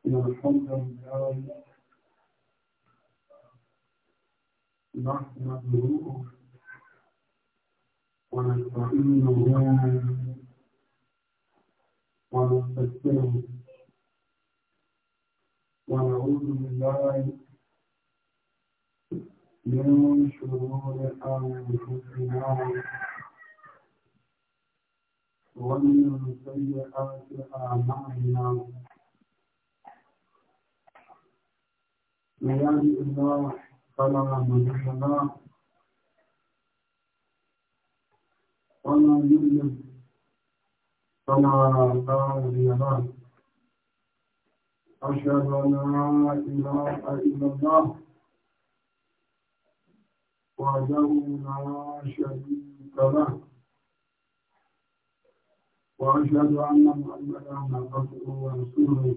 الحمد لله نحمده ونستعينه ونستغفره ونعوذ بالله من شرور انفسنا ومن سيئات اعمالنا من يهدي الله فلا مضل له ومن يضلل فلا هادي له أشهد أن لا إله إلا الله وحده لا شريك له وأشهد أن محمدا عبده ورسوله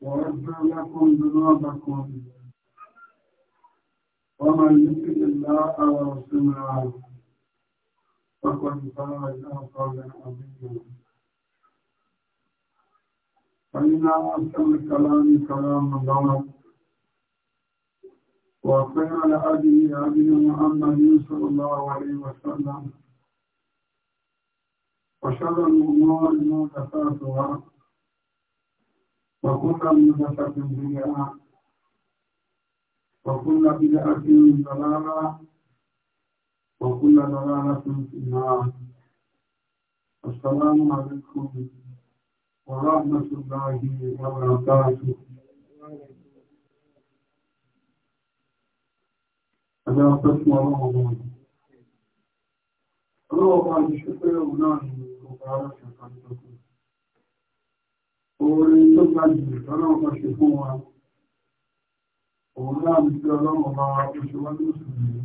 ويغفر لكم ذنوبكم ومن يطع الله ورسوله فقد فاز فوزا عظيما فإن أحسن الكلام كلام الله وخير الهدي هدي محمد صلى الله عليه وسلم وشر الأمور محدثاتها وكل مهدفة بدعة وكل بدعة ضلالة وكل ضلالة في النار السلام عليكم ورحمة الله وبركاته Ẹgbẹ́ ọpẹ́ fún ọlọ́run ọmọ ọlọ́run ọba ìṣẹ́fẹ́ òun náà ni ọba aláṣẹ kan tó kú orin tó ga jù lọ́nà kan ṣe fún wa òun náà ní pé ọlọ́run ọba oṣù wa ní mùsùlùmí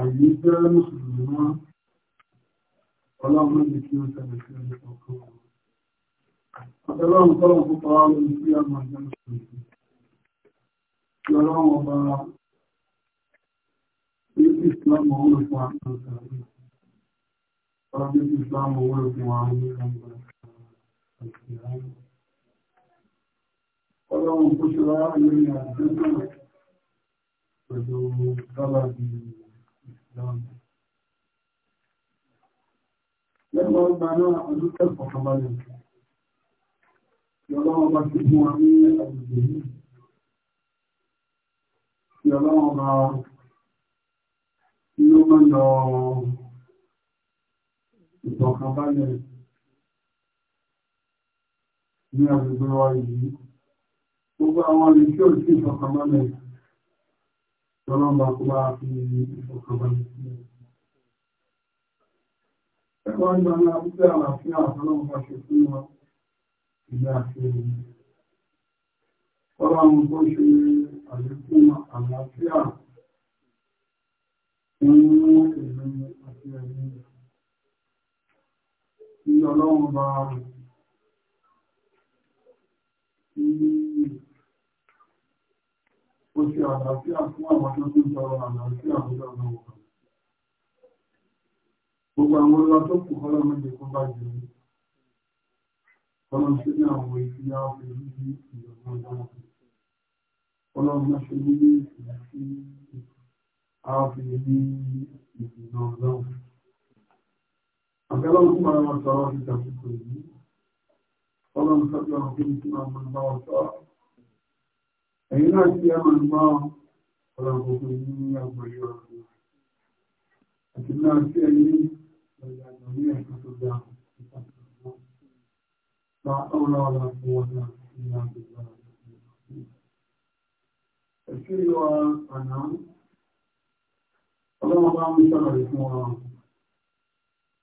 àyè jẹ́ mùsùlùmí wọn ọlọ́run ní kí ó ṣẹlẹ̀ sí ẹni kọ̀ọ̀kan wọn. àtẹlọ́run tọ́lọ̀ púpọ̀ wá lórí sí àmọ́ ìjọ mùsùlùmí kí ọlọ́run ọba ní ìsìlámù owó fún àtúnṣe ọlọ́run ní ìsìlámù owó fún àwọn ìjọba Ọlọ́run kó ṣe wá lórí àjọ́jọ́ pẹ̀lú dọ́là bí ìsìláàmù. Lẹ́gbọ́ ọgbà náà ọdún kẹ́kọ̀ọ́ kan balẹ̀. Ìyọ́lọ́wọ́ bá ti fún wa ní àgbègbè yìí. Ìyọ́lọ́wọ́ bá tí ó máa ń lọ ìtọ̀kan balẹ̀ ní agbègbè wa yìí gbogbo àwọn ọ̀rẹ́ tí ó sì ìfọ̀kànbalẹ̀ lọ́lọ́mà kó bá fi ìfọ̀kànbalẹ̀ sí ẹ̀kọ́ ń gbọ́n lábúgbé àlàáfíà àtọ́lọ́mù bá ṣe fún wa ìlú àti ẹ̀yìn ọlọ́run tó ṣe àlékún àlàáfíà fún ìlú àti ẹ̀yìn tí bá rẹ̀ ó ṣe àlàáfíà fún àwọn tó tún tọrọ àlàáfíà lọ́dọ̀ náà wà. Gbogbo àwọn ọlá tó kù kọ́lá méje kó bá jẹ ní. Ọlọ́run ṣe ní àwọn ìfi á fi rí ní ìyọ̀nà náà. Ọlọ́run máa ṣe ní ìfìyà sí á fi rí ìdùnnà náà. Àbẹ́lọ́run máa ń sọ ti tàbí kò ní ọlọ́run sọ́jọ́ ọ̀gbìn tí máa mọ̀ bá ọ sọ. náà tí a máa ń bá gbogbo ní àgbáyé ọ̀rọ̀. Àti náà tí ẹ ní ọ̀dàgbà ní ẹ̀ka tó dá ìpàdé náà. Bá ọ̀rọ̀ ọ̀rọ̀ fún wọn náà ní àgbègbè ọ̀rọ̀. Ẹ̀sìn yọ àná. Ọlọ́run bá ń sọ̀rọ̀ ìfún wa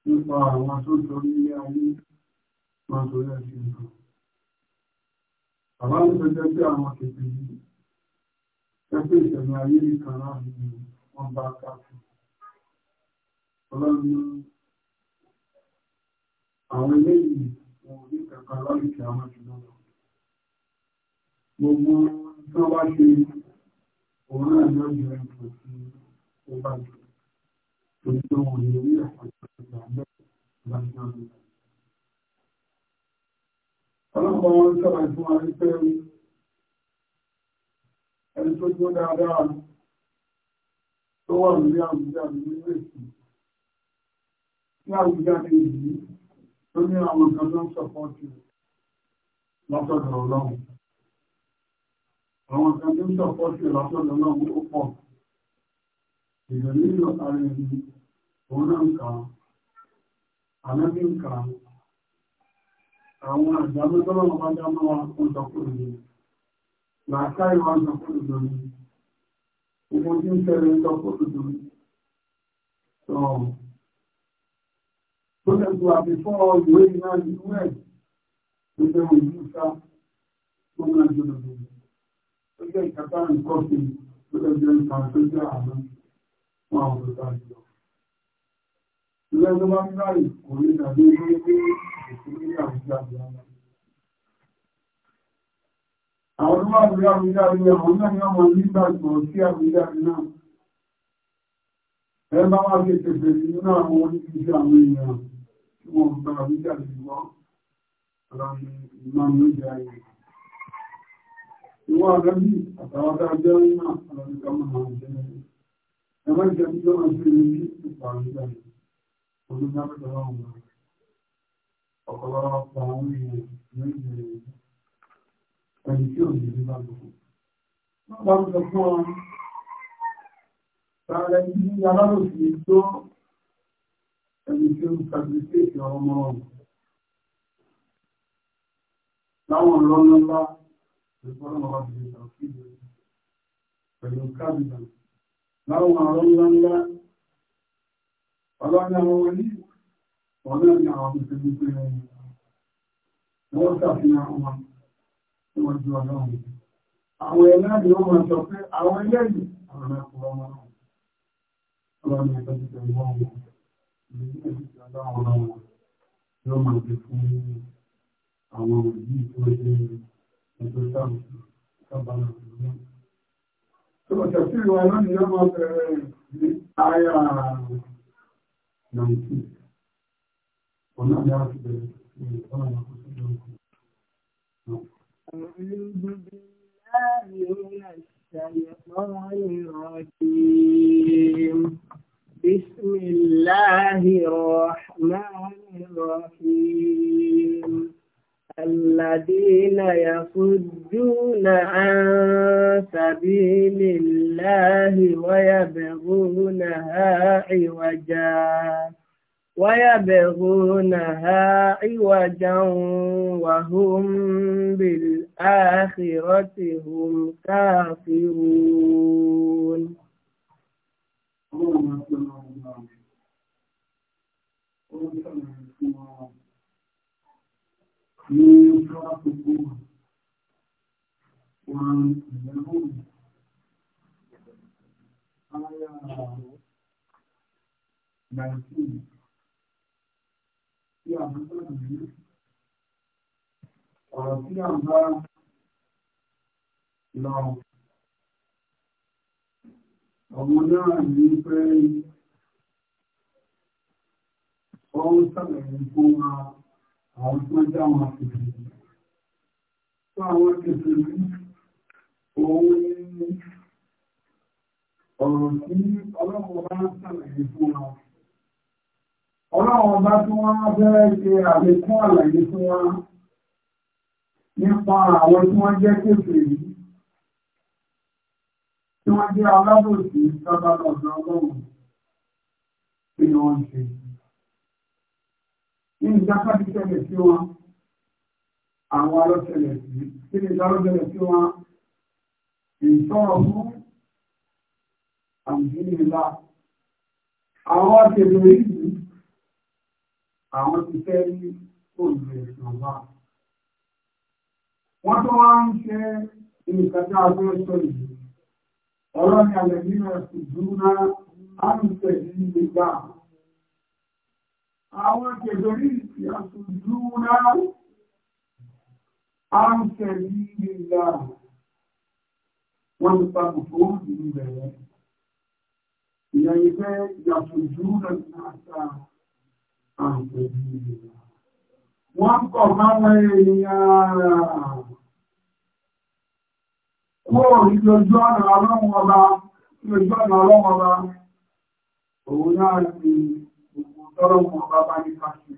nípa àwọn tó torí ayé máa torí ẹ̀sìn nǹkan. Bàbá mi tó jẹ́ pé àwọn kèké yìí jẹ́ pé ìṣẹ̀lẹ̀ ayé nìkan náà ni wọ́n bá káàkiri. Ọlọ́run àwọn eléyìí wọn ní kankan lọ́rùn àwọn jùlọ Gbogbo tí bá ṣe òun náà ní ọjọ́ ìrìnkàn ọlọ́pàá wọn sọ̀rọ̀ fún wa wípé ẹni tó dúró dáadáa tó wà lórí àwùjọ àdúgbò èsì tí àwùjọ àti ìlú tó ní àwọn kan ló ń sọpọ́ọ̀tì lọ́sọ̀dọ̀ ọlọ́run àwọn kan tó ń sọpọ́ọ̀tì lọ́sọ̀dọ̀ ọlọ́run ó pọ̀ ìrẹ̀lẹ́ ìlọ ara ẹni òun náà ń kà á àná bí ń kà á àwọn àjàmọ́ tọ́lọ́wọ́ bá dámọ́ wa kó sọkúrò ní làákàrí wa sọkúrò lórí ogun tí ń tẹ́lẹ̀ sọkúrò lórí sọ tó lẹ́gbọ́ àbífọ́ ìwé iná inú ẹ̀ tó jẹ́ òyìnbó sá tó máa jẹ́ lọ́dọ̀ tó jẹ́ ìkàtà nǹkan sí tó lẹ́gbẹ̀ẹ́ nǹkan tó jẹ́ àná fún àwọn òṣèlú Ìlẹ́jọ́ bá ń ráyè kò rí ìdàgbé ní pé ìsinmi ní àwùjọ àgbà. Àwọn tó wà lórí àwùjọ àgbà àwọn náà ni wọ́n máa nígbà gbọ́ sí àwùjọ àgbà náà. Ẹ bá wá ṣe tètè nínú àwọn oníṣiṣẹ́ àwọn èèyàn tí wọ́n gba àwùjọ àgbà gbọ́. Ọlọ́run ìmọ̀ ní ìjà ayé. Ìwọ àgbẹ̀bí àtàwọn tá a jẹ́ ń náà ọlọ́run ká máa jẹ́ ẹ̀rọ ìjẹun tó máa ṣe ní ìpàdé olùdámẹ́tọ̀lọ́wọ̀n ọ̀pọ̀lọpọ̀ àwọn èèyàn o ìrìn ẹni tí ò ní ní bá gbogbo. Bá ń sọ fún ọ, sáré ní aláròsí tó ẹni tí ó ń sàgbéṣèṣì ọmọ láwọn lọ́nà ńlá ìfọ́nà wà ní ìtàkì pẹ̀lú kábìnà láwọn àrọ́ ńlá Ọlọ́run àwọn wọlé, ọlọ́run àwọn mùsùlùmí pé wọ́n ṣàfihàn wọn tí wọ́n ju Àwọn ẹlẹ́rìí wọ́n máa sọ pé àwọn ẹlẹ́rìí àwọn ẹ̀kọ́ ọmọ náà. Ọlọ́run ẹ̀kọ́ ti tẹ̀lé wọn wọn. Ìlú ẹ̀kọ́ ti ọlọ́run ọlọ́run yóò máa fi fún àwọn òbí tó ṣe ẹ̀tọ́ sáà sábà náà. Sọ̀tẹ̀ sí ìwà lónìí yóò máa bẹ̀rẹ̀ àyà àrùn nineteen òun náà ní àti bẹ̀rẹ̀ sí ọ̀nà ìyàkó sí ìlú òkú. أعوذ بالله من الشيطان الرجيم بسم الله الرحمن الرحيم الذين يصدون عن سبيل الله ويبغونها عوجا ويبغونها عوجا وهم بالآخرة هم كافرون Thank you ní ọjọ́ gbogbo wọn ìyàwó ayá fún wa àwọn tó já wọn kìfì fún àwọn kìfì ní òun ní ọ̀rọ̀ tí ọlọ́run ń sàlàyé fún wa ọlọ́run tí wọ́n fẹ́rẹ́ ṣe àlékún àlàyé fún wa nípa àwọn tí wọ́n jẹ́ kìfì yìí tí wọ́n jẹ́ alábòsí sábà lọ́dọ̀ ọlọ́run tí wọ́n ń ṣe yìí ní ìdáká ti tẹ́lẹ̀ sí wọn àwọn alọ́tẹ̀lẹ̀ sí kí ni ìdálọ́tẹ̀lẹ̀ sí wọn ìtọ́rọ̀ fún àmìlélá àwọn akẹ́lẹ̀ yìí àwọn ti fẹ́ ní òòlù ìrànlá wọ́n tó wá ń ṣe ìrìnkàtà agbẹ́sọ yìí ọ̀rọ̀ ni àlẹ́ náà á ń tẹ̀lé nígbà àwọn kèdòrí ìyàtùdú náà a ń tẹ̀lé ìlà wọ́n ti pàtàkì fún ìlú rẹ̀ ìyàyẹ̀fẹ́ ìyàtùdú náà a ń tẹ̀lé ìlà wọ́n kọ̀ máwọn èèyàn kúrò ìjọjú ọ̀nà ọlọ́run ọba òun náà ni tọ́rọ wọn bá bá ní káṣí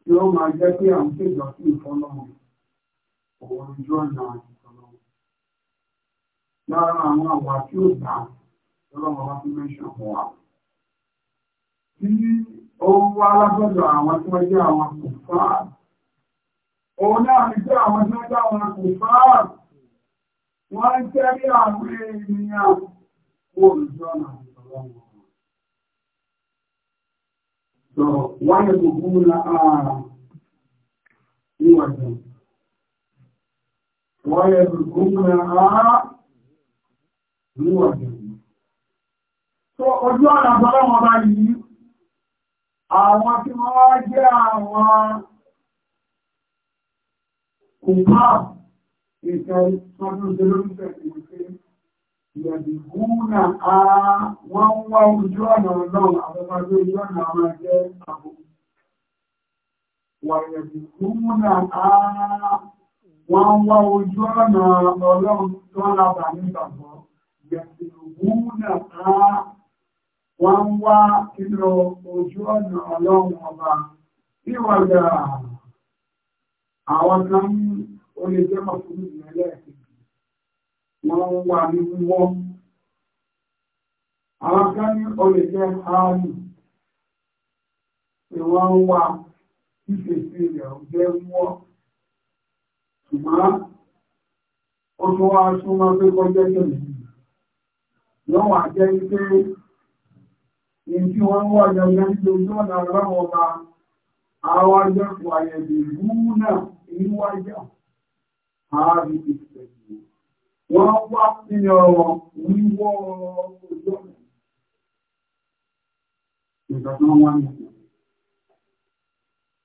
tí ó máa jẹ́ pé à ń ṣèjọ sí ìfọ́lọ́run òun ojú ọ̀nà ìfọ́lọ́run lára àwọn àwà tí ó dá tọ́lọ́wọ́ wá fún mẹ́ṣàn fún wa tí ó wá lábọ́dọ̀ àwọn tí wọ́n jẹ́ àwọn kò fáà òun náà ní pé àwọn tí wọ́n jẹ́ àwọn kò fáà wọ́n ń tẹ́rí àwọn ènìyàn kó ojú ọ̀nà ìfọ́lọ́run So why do you la ah, you are them? Why are you la ah, you are them? So ọjọ́ àlàbọ́lá wọn bá yìí, àwọn tí wọ́n wá jẹ́ àwọn kùnpá ìṣẹ́ ìṣẹ́ ìṣẹ́ ìṣẹ́ Ìyẹ̀dìgúnà a wọ́n wá ojú ọ̀nà náà àwọn ọmọdé ojú ọ̀nà àwọn ẹgbẹ́ àbò. Wà a wọ́n wá ojú ọ̀nà ọlọ́run tó ń labà nígbàgbọ́. Ìyẹ̀dìgúnà a wọ́n wá ìlọ ojú ọ̀nà ọlọ́run ọba. Ìwàgbà àwọn kan ó lè jẹ́ mọ̀ fún ìrẹ̀lẹ̀ wọ́n ń wà ní wíwọ́. Àwọn kan ní olè jẹ́ ààrùn tí wọ́n ń wà ìfèsì rẹ̀ jẹ́ wọ́. Ṣùgbọ́n ó tún wá súnmọ́ pé kọjẹ́ tẹ̀lé. Lọ́wọ́ àjẹ́ wípé ìdí wọ́n wà jẹ́ lójú ọ̀nà ọlọ́run ọba àwọn ajẹ́kùn àyẹ̀dẹ̀ ìlú náà ìwájà ààrùn ìfẹ̀sì wọ́n wá sí ọ̀rọ̀ wíwọ́ ojú ọ̀nà. Ìgbà tó wọ́n ní ọ̀nà.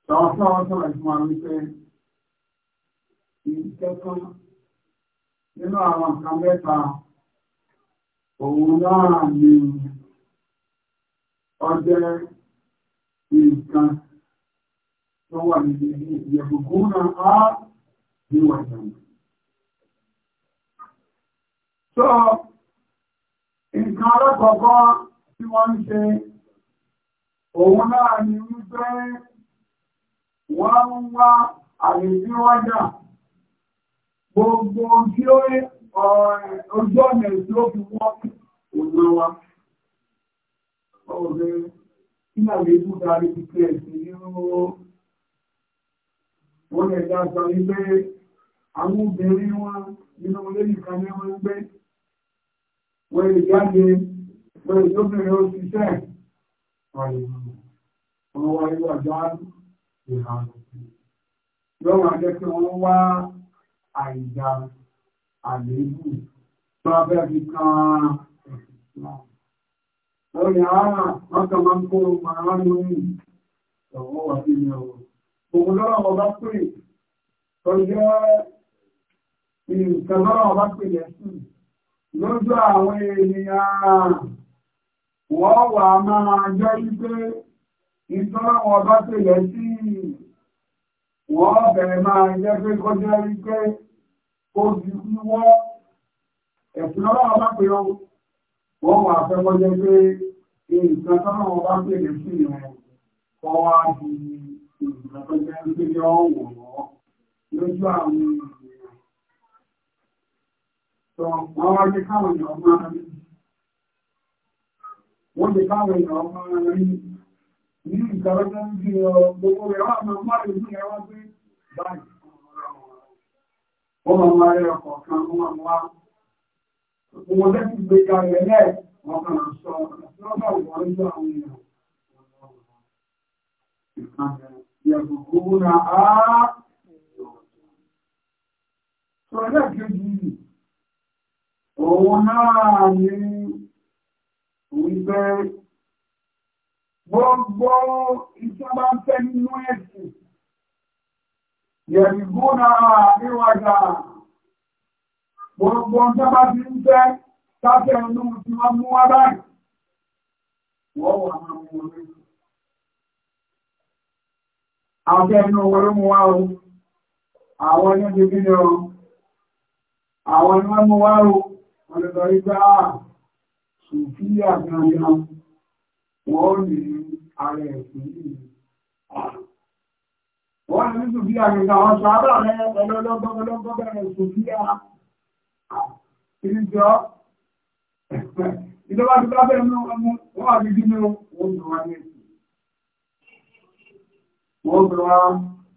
Sọ̀rọ̀ sọ̀rọ̀ sọ̀rọ̀ ìfún wa wípé ìkẹ́kọ̀ọ́ nínú àwọn nǹkan mẹ́ta òun náà ni ọjẹ́ nǹkan tó wà níbi ìyẹ̀bùkún náà á níwà ìdàmú. So, nǹkan alákọ̀ọ́kọ́ tí wọ́n ń ṣe, òun náà ni wípé wọ́n ń wá àrègbéwájà gbogbo tí ó rí ojú ọ̀nà tí ó fi wọ́n òun wa. Ọ̀rẹ́ ìlànà ìlú darí ti pẹ́ sí nínú wọ́n lè dá sọ wípé àwọn obìnrin wọn nínú olóyìnká ní wọ́n ń wọ́n lè jáde wọ́n lè lóbìnrin ó ṣiṣẹ́ ọ̀rọ̀ wọ́n wá ọjọ́ ìhànà lọ́wọ́ ajẹ́ pé wọ́n wá àìjà àléébù tó abẹ́ fi kan wọ́n lè ara ah, wọ́n kàn máa ń kó màá lórí ọ̀wọ́ wà sí ilẹ̀ ọ̀rọ̀ òun lọ́wọ́ ọba pè tó jẹ́ nǹkan lọ́wọ́ ọba pè lẹ́sìn lójú àwọn ènìyàn wọ́n wà máa jọ wípé ìtọ́láwọ̀ bá tèlẹ̀ sí wọ́n bẹ̀rẹ̀ máa jẹ́ pé kọjá wípé ó di wíwọ́ ẹ̀fúnlọ́wọ́ bá pè wọ́n wà fẹ́ kọjá pé nǹkan bá tèlẹ̀ sí rẹ̀ kọ́ di nǹkan Àwọn Wọ́n jẹ káwọn èèyàn máa rí. Ní ìgbàlọ́jọ́ ń bí ọ gbogbo rẹ̀ wà máa máa rí ní ẹwà pé báyìí. Wọ́n máa rí ọkọ̀ kan wọ́n máa wá. Gbogbo jẹ́ ti gbé kalẹ̀ lẹ́ wọ́n kàn án sọ lọ́gbà wọ́n ń lọ àwọn òun náà ní wípé gbogbo iṣẹ́ bá ń fẹ́ nínú ẹ̀sìn yẹ̀rìgbó náà níwájà gbogbo ọjọ́ bá ti ń fẹ́ sáfẹ́ inú tí wọ́n mú wá báyìí wọ́n wà máa mú àwọn ní gbígbí ni o àwọn ni mú wá ọlọ́dọ̀ wọ́n ní ààrẹ ní ṣùfíà kanya wọ́n sábà rẹ̀ ọlọ́lọ́gbọ́gbọ́ ìjọba ti bá mú ọmọ wọ́n àti gínú wọ́n tó wá ní ẹ̀sìn wọ́n tó wá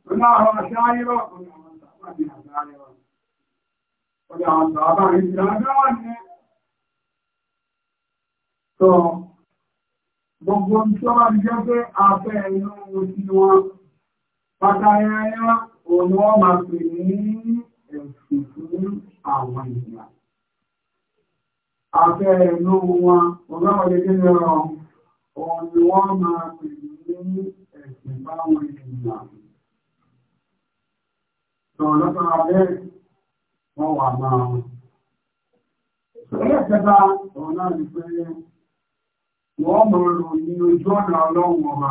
wọn náà àwọn ọ̀dá àwọn àbárí ìdájọ́ ní sọ gbogbo ìṣọ́bá ti jẹ́ pé afẹ́ ẹ̀yọ́ ti wọn pàtàkì ẹ̀yọ́ òun wọ́n máa pè ní ẹ̀sùn fún àwọn ènìyàn afẹ́ ẹ̀yọ́ wọn ọlọ́wọ́dé kí ni ọ̀rọ̀ òun ni wọ́n máa pè ní ẹ̀sùn báwọn ènìyàn wọ́n wà máa wọn. Ẹlẹ́kẹta ọ̀rọ̀ náà ní pé wọ́n máa rò ní ojú ọ̀nà ọlọ́run ọba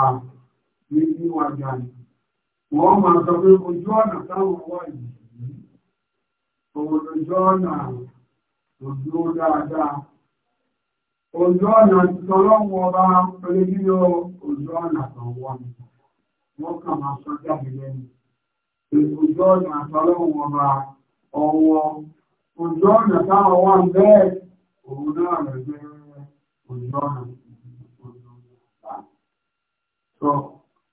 ní níwájú àná. Wọ́n máa sọ pé ojú ọ̀nà táwọn wà yìí, òun ojú ọ̀nà òdúró dáadáa. Ojú ọ̀nà tọ́lọ́run ọba pẹ̀lú nínú ojú ọ̀nà kan wà ní. Wọ́n kà máa sọ jáde lẹ́nu. Ojú ọ̀nà tọ́lọ́run ọba ọwọ́ ojú ọ̀nà táwọn wà ń bẹ́ẹ̀ òun náà rẹ̀ jẹ́ ojú ọ̀nà ojú ọ̀nà tó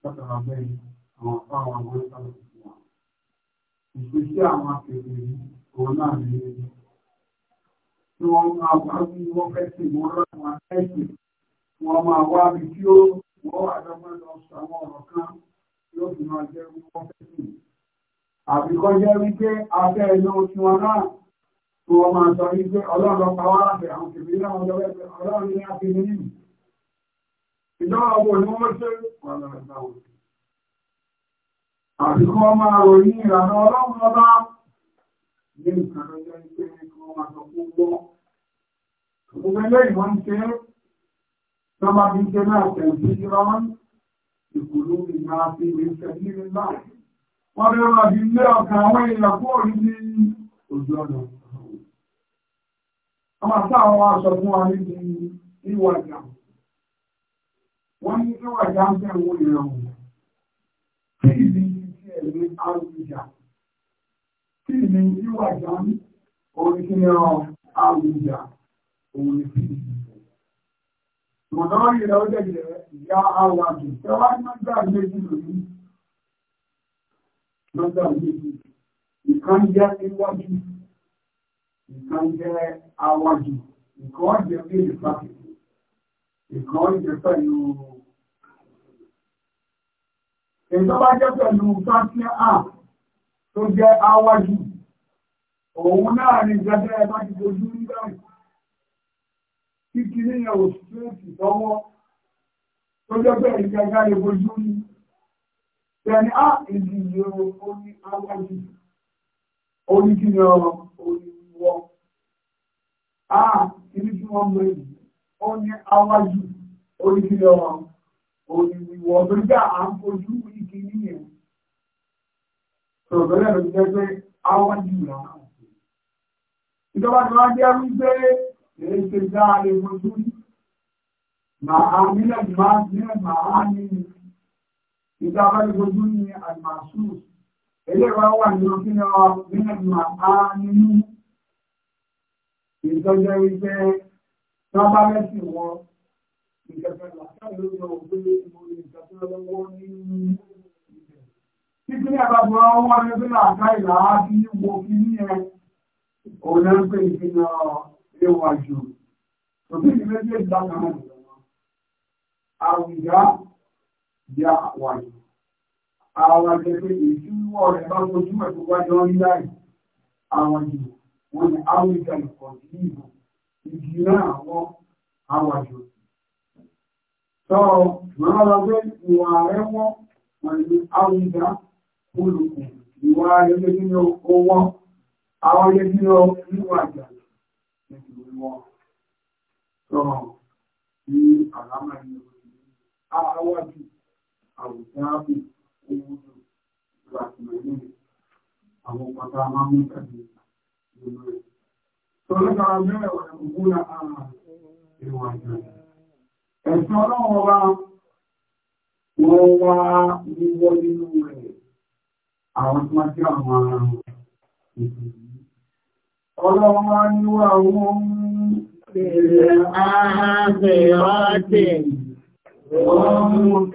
látara bẹ́ẹ̀ àwọn fáwọn àwọn ìsàlẹ̀ ìwà ìgbésí àwọn akẹ́kẹ̀ẹ́ yìí òun náà ní ilé tí wọ́n máa wá bí wọ́n fẹ́ sí wọ́n rán wọn ẹ̀sìn wọ́n máa wá bí tí ó wọ́n wà lọ́mọ lọ àwọn ọ̀rọ̀ kan yóò fi máa jẹ́ wọ́n fẹ́ sí àbíkọ́ jẹ́ wípé afẹ́ ẹ̀nà tí wọ́n náà tó wọ́n máa sọ wípé ọlọ́run pàwọ́ àfẹ́ àwọn kìbìrì náà wọ́n lọ́wọ́ ẹgbẹ́ ọlọ́run ní àfi ní ìlú ìjọba ọgbọ̀n ni wọ́n ṣe wọ́n lọ́wọ́ ẹgbẹ́ àwọn àbíkọ́ máa ròyìn ìlànà ọlọ́run ọba ní jẹ́ náà tẹ̀sí ìrọ́mọ́ ìkùlù ìgbà àti ìrìnsẹ̀ nílùú náà wọ́n rí ọ̀rọ̀ bí ilé ọ̀kan àwọn èèyàn kúrò ní ojú ọ̀nà. a máa sá àwọn aṣọ fún wa níbi ìwà ìjà wọ́n ní ìwà ìjà ń fẹ́ wọ́n kí ẹ̀mí kí ìwà ìjà ń òun ni kí ìrẹ̀ ìyá àwọn àjò, lọ́dọ̀ méjì ìkan jẹ́ níwájú ìkan jẹ́ awájú ìkan jẹ́ méjì pàtàkì ìkan jẹ́ pẹ̀lú ìjọba jẹ́ pẹ̀lú fásitì a tó jẹ́ awájú òun náà ni jẹ́jẹ́ ẹ̀bá ti dojú ní báyìí kíkiri yẹn ò sí èsì tọ́wọ́ tó jẹ́ pẹ̀lú jẹ́jẹ́ ìbojú ní Bẹ̀rẹ̀ á ìlú ìyẹ̀wò orí alájú. Orí kí ni ọ̀rọ̀ orí wọ́. Á ìlú tí wọ́n mọ̀ èyí. Ó ní alájú ah, orí kí ni ọ̀rọ̀ orí wíwọ́. Torí pé à ń fojú ìkí níyẹn. Sọ̀rọ̀ bẹ́ẹ̀ ló jẹ́ pé alájú là á ṣe. Ìjọba ti máa èyí ṣe dáa lè fojú Màá nílẹ̀ máa nílẹ̀ màá ní ìta bá ní ojú ní àmàṣù ẹlẹ́wà wà ní ọkínà mẹ́rin àánú ìtọ́jẹ́ wípé sábà lẹ́sì wọn ìjọba làkàlù lọ pé mo lè ìjọba lọ́wọ́ nínú ìbẹ̀. títí ní àbábọ̀ wọn wá ní pé làkà ìlà á fi wo kí ní ẹ òun náà ń pè ìfihàn léwájú. òbí ìrẹ́jẹ̀ ìgbà kan náà àwùjá bí àpò àyè. Àwọn akẹ́kẹ́ ìṣúwọ́ rẹ̀ bá fojú ẹ̀ tó wájọ́ ń láì àwọn ìlú wọ́n ni áwùjọ ìkọ̀ọ̀dì ìbò ìdí náà wọ́n àwàjọ. Sọ ìwọ́n lọ pé ìwà rẹ̀ wọ́n wọ́n ni áwùjọ olùkùn ìwà rẹ̀ lé nínú owó àwọn ilé nínú ìwà àjà nínú wọn. Sọ ní àlámà ìlú àwùjáàbù owódò ìgbàtìmọ̀lẹ́ àwọn pàtà máa mú kàbí nínú rẹ̀. tó lẹ́kàrà mẹ́rẹ̀ wọ̀n ògùn na àrà ìwà ìjọ ẹ̀sùn ọlọ́wọ́ wa wọ́n wá wíwọ́ nínú rẹ̀ àwọn tí wọ́n tí àwọn ara ọlọ́wọ́ ni wọ́n àwọn ohun ààbẹ̀ rọ́tẹ̀ Àjòyà alákọ̀ọ́kọ́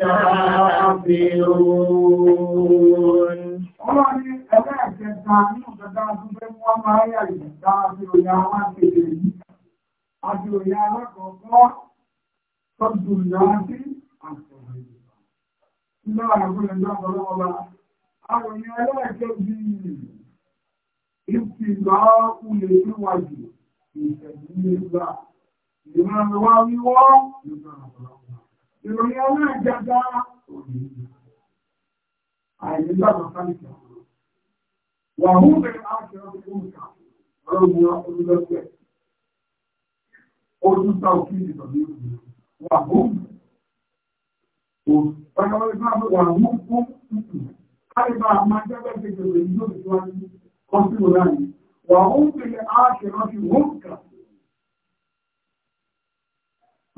tọ́jú ìyáájí àtọ̀rọ̀ ìgbà. Ilé àgbẹ̀lẹ̀ ìjọba ọba, àròyìn ẹlẹ́ẹ̀kẹ́ bí ìpìlá ulè níwájú ìṣẹ̀lú ìgbà. Ìrànlọ́wọ́ wíwọ́ ìgbà ọ̀pọ̀lọpọ̀ ìròyìn ọmọ ìjàgbá àìlèláwà sáàlìkà wà hún bẹ̀rẹ̀ àṣẹ ọdúnkà ọlọ́run olùlọ́pẹ̀ ojú sáàkì ìtọ̀lú wà hún wà hún fún títù káríbà máa jẹ́bẹ̀ gẹ̀gẹ̀rẹ̀ ìlú ìtọ́wájú wọ́n láàrin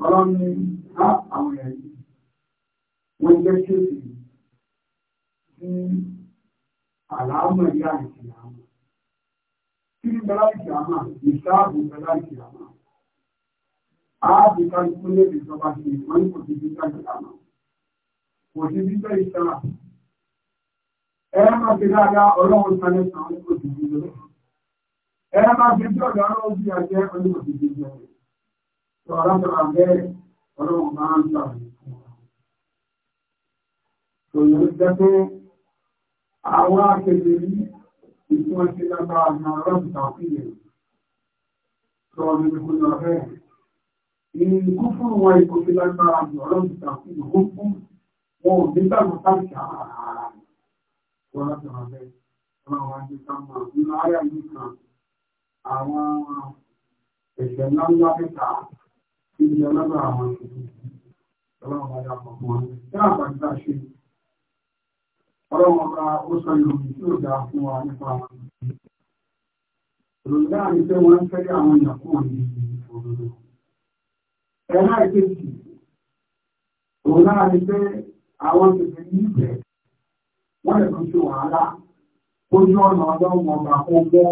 ọlọ́run ní bá àwọn ẹ̀yà yìí wọ́n jẹ́ kí èsì sí àlàámọ̀ ìyá ìkìyàmọ̀ kí ní bẹ́lá ìkìyàmọ̀ ìṣáàbù bẹ́lá ìkìyàmọ̀ ààbò kálukú lè lè sọba sí ìwọ́n kò sí bíbá ìkìyàmọ̀ kò sí bíbá ìṣáà ẹ máa fi dáadáa ọlọ́run sálẹ̀ sọ látara bẹ́ẹ̀ ọlọ́run máa ń gbà òyìn jẹ́ pé àwọn akéde ní ìfún ẹ̀sìn lábá àmà ọlọ́run tàbíyẹ̀ sọ ní ìkúnlọ rẹ̀ ìkú fún wọn ìkòfin lágbára àmà ọlọ́run tàbíyẹ̀ ó fún wọn ò ní gbàgbọ́ sáàkì àwọn ará rẹ̀ sọ látara bẹ́ẹ̀ ibi ọlọ́rọ̀ àwọn ọlọ́run bá dà pọ̀ wọn tí àǹfààní bá ṣe ọlọ́run ọba ó sọ ìròyìn tí ó dáa fún wa nípa àwọn ìròyìn láàrin pé wọ́n ń fẹ́ àwọn èèyàn kúrò ní òdodo ẹ̀ láì kéèkì òun láàrin pé àwọn tètè ní ìfẹ́ wọ́n lè tún ṣe wàhálà ojú ọ̀nà ọlọ́run ọba kó gbọ́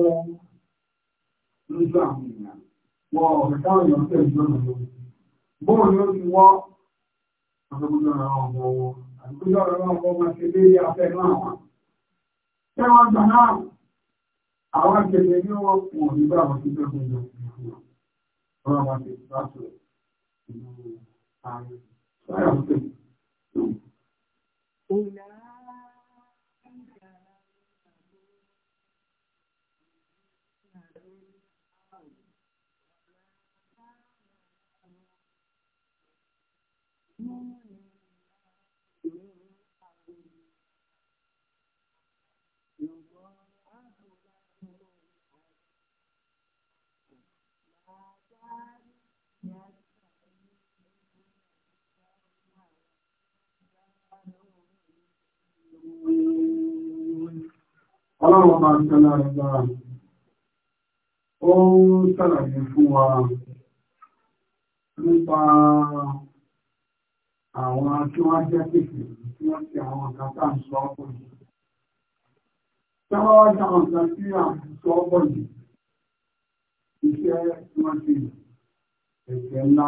lójú àwọn èèyàn wọ ọ̀rẹ́ bóò ni ó ti wọ́ ọ̀dọ́gbọ́n àwọn ọmọ wọn àdúgbò ọ̀rọ̀ ọmọ ọmọ ṣe lé afẹ́ náà wọn ṣé wọ́n gbà náà àwọn akẹ́kẹ́ ní wọ́n kù nígbà wọn ti bẹ́ẹ̀ gbọ́dọ̀ ọ̀rọ̀ wọn ti bá tó ìlú ààrẹ sáyà ń pè Ọlọ́run máa ń tẹ́lá ẹgbà ó tẹ́lá ní fún wa nípa àwọn tí wọ́n jẹ́ pèsè tí wọ́n àwọn ń sọ ọ́pọ̀ yìí. sọ ọ́pọ̀ yìí, iṣẹ́ wọ́n ti ńlá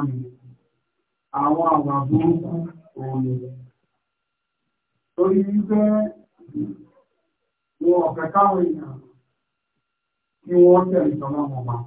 Àwọn àwà burúkú wípé wọn ọ̀fẹ́ káwọn èèyàn kí wọ́n tẹ̀lé wọn máa.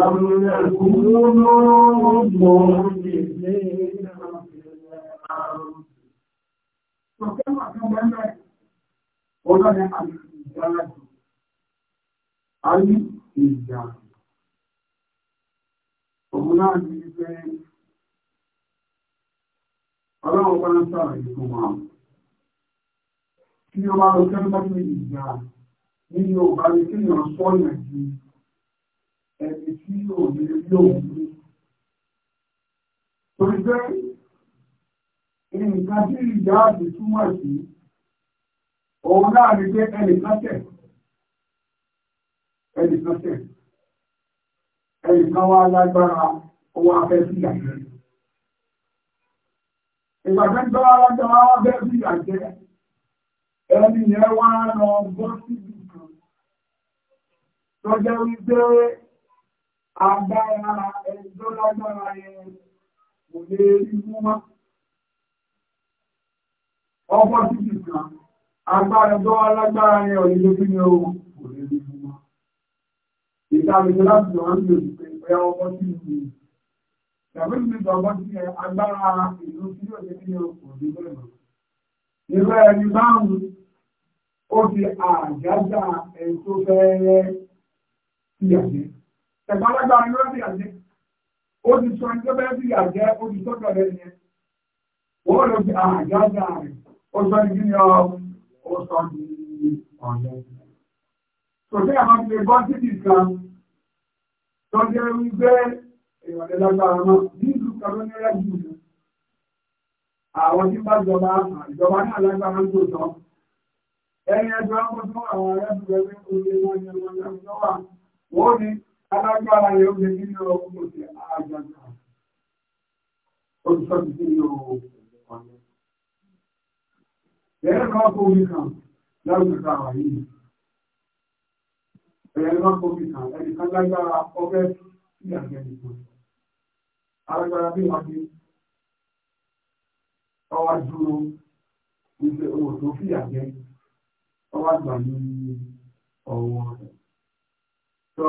لم يكونوا مؤمنين Ọlọ́run àìjáàdù, ayé ìjáàdù. Òun náà ní pé ọlọ́run bá ń sọ̀rọ̀ ìfún wa. Kí ni ọmọ ọlọ́run kẹ́lú bá ní ìjáàdù? Nínú ọ̀bá ní kí ni ọ̀sọ́ ìrìnàjò ẹni tí yóò ní yóò ní. Torí pé nǹkan tí ìyá àti túmọ̀ sí, òun náà ni pé ẹnìkan tẹ̀. Ẹnìkan tẹ̀. Ẹnìkan wá lágbára owó afẹ́ sí àjẹ́. Ìgbàgbẹ́ ń tọ́wọ́ lágbára owó afẹ́ sí àjẹ́. Ẹni yẹn wá lọ bọ́ síbi kan. Tọ́jọ́ wípé agbára ẹjọ́ lágbára yẹn kò lè rí mú wá. Ọkọ̀ títì kan, agbára ẹjọ́ lágbára yẹn ò lè rí ní ohun kò lè rí mú wá. Ìtàlùjọ láti lọ ń lò pé ọya ọkọ̀ títì ni. Ìyàwó ìlú ìgbà ọkọ̀ títì yẹn agbára ìlú tí kí ni kò lè bẹ̀rẹ̀ mọ́. Ìlú ẹni báwọn ó fi àjájá ẹni Ẹ̀gbọ́n alágbára ni wọ́n fi àjẹ́. Ó ti sọ ẹni tó bẹ́ẹ̀ fi àjẹ́ ó ti sọ́dọ̀ rẹ̀ yẹn. Wọ́n lọ sí àjọ́jà rẹ̀. Ó sọ ní kíni ọ, ó sọ ní ọ̀lẹ́. Sọ̀tẹ́ àwọn ti lè gbọ́ títì kan. Tọ́jú ẹrú gbé ìrọ̀lẹ́ lágbára náà ní ìlú kan ló ní ẹ̀jú ìlú. Àwọn tí bá jọba, ìjọba náà lágbára ń tó Ẹni ẹjọ́ ọmọ tó àwọn arẹ́bùrẹ́ alágbára yóò gbé nínú ọkùnrin ti àjàgbà olùsọ ti sí nínú ọ̀yẹ́. Bẹ́ẹ̀ máa kó omi kan láwùjọ àwọn yìí. Bẹ́ẹ̀ máa kó omi kan ẹni kan lágbára ọgbẹ́ sí àgbẹ̀ nìkan. Alágbára bí wọ́n ti ọwá dúró ìṣe owó tó fìyà jẹ ọwá gbà ní ọwọ́ rẹ̀ sọ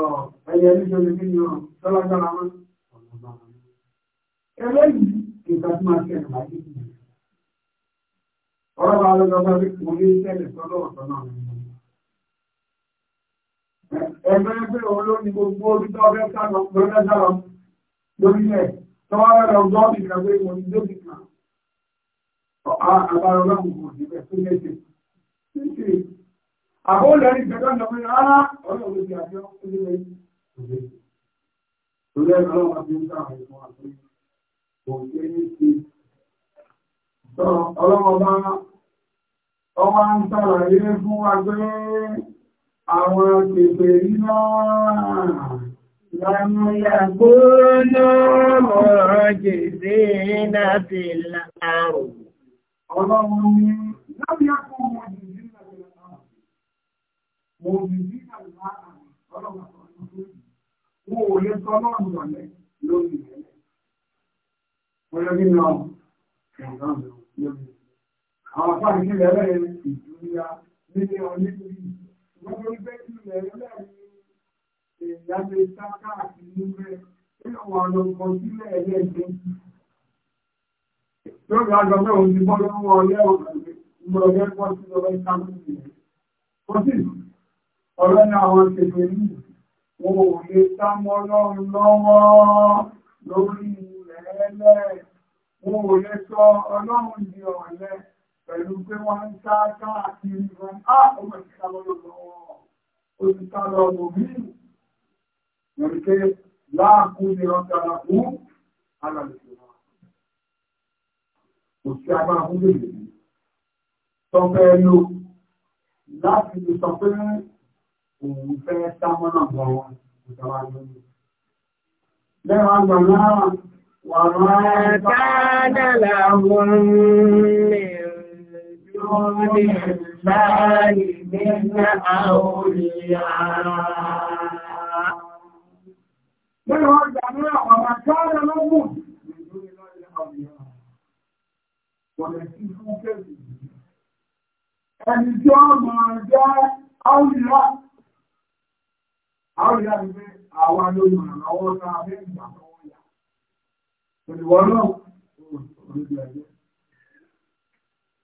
ẹyẹ nítorí nínú tọ́lágbára mọ́ eléyìí ìgbà tí máa ṣẹlẹ̀ láyé ìgbà ọ̀rọ̀ bá lọ́jọ́ bá rí kò ní ṣẹlẹ̀ sọ́dọ̀ ọ̀tọ̀ náà nínú ẹgbẹ́ pé òun ló ní gbogbo orí tó ọbẹ̀ sálọ lọ́jọ́ sálọ lórí ẹ̀ tọ́wọ́ rẹ̀ lọ gbọ́ mi kàgbé mo ní dókì kan àbára ọlọ́run kò sí àbóòlẹ́rí ìgbẹ̀gbẹ̀ ọ̀nàmọ́ rárá ọ̀rọ̀ òjò àjọ orílẹ̀ èdè torí ń sàlàyé fún wa pé àwọn pèpè iná Láàmú yàgbóná mọ̀rọ̀ jèsè láti láàrùn. Ọlọ́run mo bì ní àlùfáà àmì ọlọ́run àtọ́jú lónìí wọn ò lè sọ ọlọ́run lọ́lẹ̀ lórí ìrẹ́lẹ̀ wọ́n yọ nínú ẹ̀rọ lórí àwọn afáàrí ní ilẹ̀ ẹlẹ́yẹ ìdúnyà nílé ọlẹ́bí wọ́n tó ń gbé ilẹ̀ ẹlẹ́yẹ ìyáde sáká àti níbẹ̀ nínú ọ̀nà kan sílẹ̀ ẹlẹ́gbẹ́ lórí àjọ mẹ́wọ̀n ti bọ́ lọ́wọ́ ọlẹ́wọ̀n mọ̀ọ́gẹ́ pọ̀ sí lọ́wọ́ ìsàmùsì rẹ̀ ọ̀rọ̀ ní àwọn tẹ̀lẹ̀ ní wọn ò lè sámọ́ lọ́rùn lọ́wọ́ lórí ilẹ̀ wọn ò lè sọ ọlọ́run di ọ̀lẹ pẹ̀lú pé wọ́n ń sá káàkiri wọn á ó mọ̀ sí sámọ́ lọ́wọ́ ó ti sá lọ lómi lórí pé láàkún ni ọjà àbú alàlùfẹ́ wa kò sí agbára fún bèbè tọ́pẹ́ lò láti lè sọ pé òun fẹ́ sámọ́nà bọ̀ wọn ìjọba lórí. Ẹni tí ó máa jẹ́ àwọn ìyá mi pé àwa lórí ìrànlọ́wọ́ ta mẹ́rin ìgbà tó wọ́n yà. Olùwọ́ náà olùdí ẹ̀jẹ̀.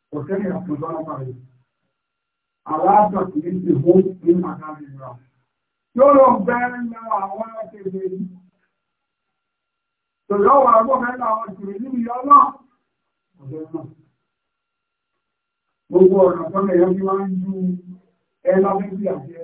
Kò sẹ́yìn àtúntò ọlọ́pàá rẹ̀. Àwa àtọ̀ kì í ti hó ní Màkàlì ìgbà. Yóò lọ bẹ́ẹ̀ lọ àwọn akéde yìí. Tòlọ́ wà gbọ́dọ̀ ní àwọn ìṣòro níbi ọlọ́. Gbogbo ọ̀nà tó lè bí wọ́n ń ju ẹ sí àti ẹ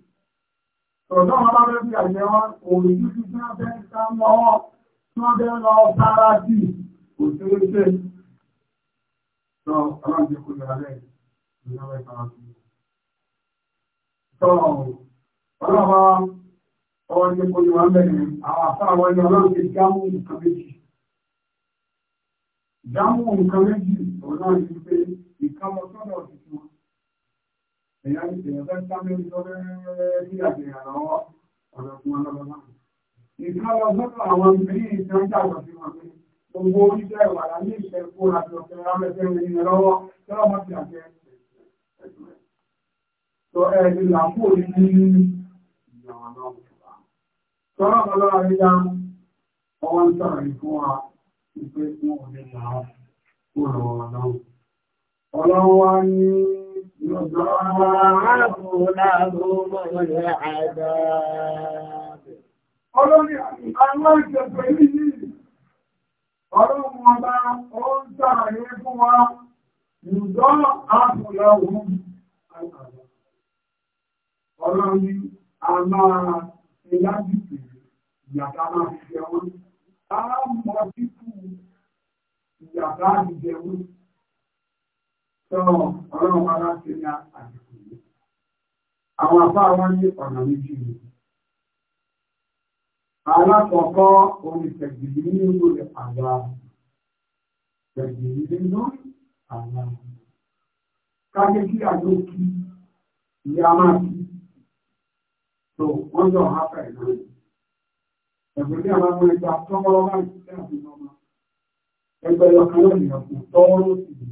Tọ̀dọ́ wọn bá mẹ́fì àjẹ́ wọn, òòrùn títí tí wọ́n fẹ́ sá lọ́wọ́, tí wọ́n fẹ́ lọ sára sí kò sí ó ṣe. Tọ́ ọlọ́dún kò yọ alẹ́ ìgbìyànjú ìfara sí. Tọ́ ọlọ́wọ́ ọwọ́dún kò yọ alẹ́ àwọn àfáà wọ́n yọ ọlọ́dún ti jámù nǹkan méjì. Jámù èèyàn ti tèèyàn fẹ́ sáméjì lọ́rẹ́ ní àgbèyàn lọ́wọ́ ọ̀dọ̀ fún ọlọ́lọ́lá. ìdúrà lọ sọ́dọ̀ àwọn ìbílí ìtàn jàgbọ́ sí wọn pé gbogbo oníṣẹ́ ìwà ní ìṣẹ́ kó láti ọ̀fẹ́ rámẹ́fẹ́ rìn lọ́wọ́ tọ́lọ́ mọ́ na لهم العذاب Ọlọ́rin aláìjẹ̀fẹ̀ yìí, ọlọ́run ọba ó ń sàárẹ́ fún wa, ìjọ́ àpùlọ ohun àgbàlá. Ọlọ́rin a ìyàtà máa títù ìyàtà ìjẹun. tọ́rọ ọlọ́run wá láti ní àdìkù yìí àwọn afá wọn ní ọ̀nà méjì ni alákọ̀ọ́kọ́ omi tẹ̀gbìlì nínú rẹ̀ àgbà tẹ̀gbìlì nínú àgbà káyé kí àjọ kí a máa kí tó wọ́n jọ hápà ìlú ẹ̀gbẹ̀lì àwọn ọmọ ẹgbẹ́ àtọ́mọ́ ọlọ́run tí a fi mọ́ ẹgbẹ́ ọkàn lọ́nà ìyọ̀kùn tọ́ọ́rọ́ sí i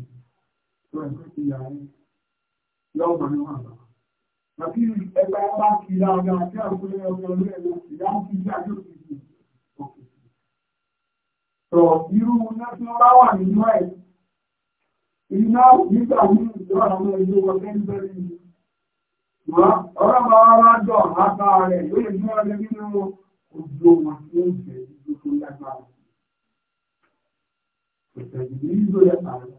Àti ẹgbẹ́ bá kí láàrín àti àkúrẹ́ ọjọ́ orí ẹ̀lọ́ ìyá ń fi jẹ́ àjọ́ ìsìnkú òkè. Sọ irú náà tí wọ́n bá wà nínú ẹ̀. Iná nígbà ní ìjọ àwọn ìlú ọjọ́ ìbẹ̀rẹ̀ Ọ̀rọ̀ máa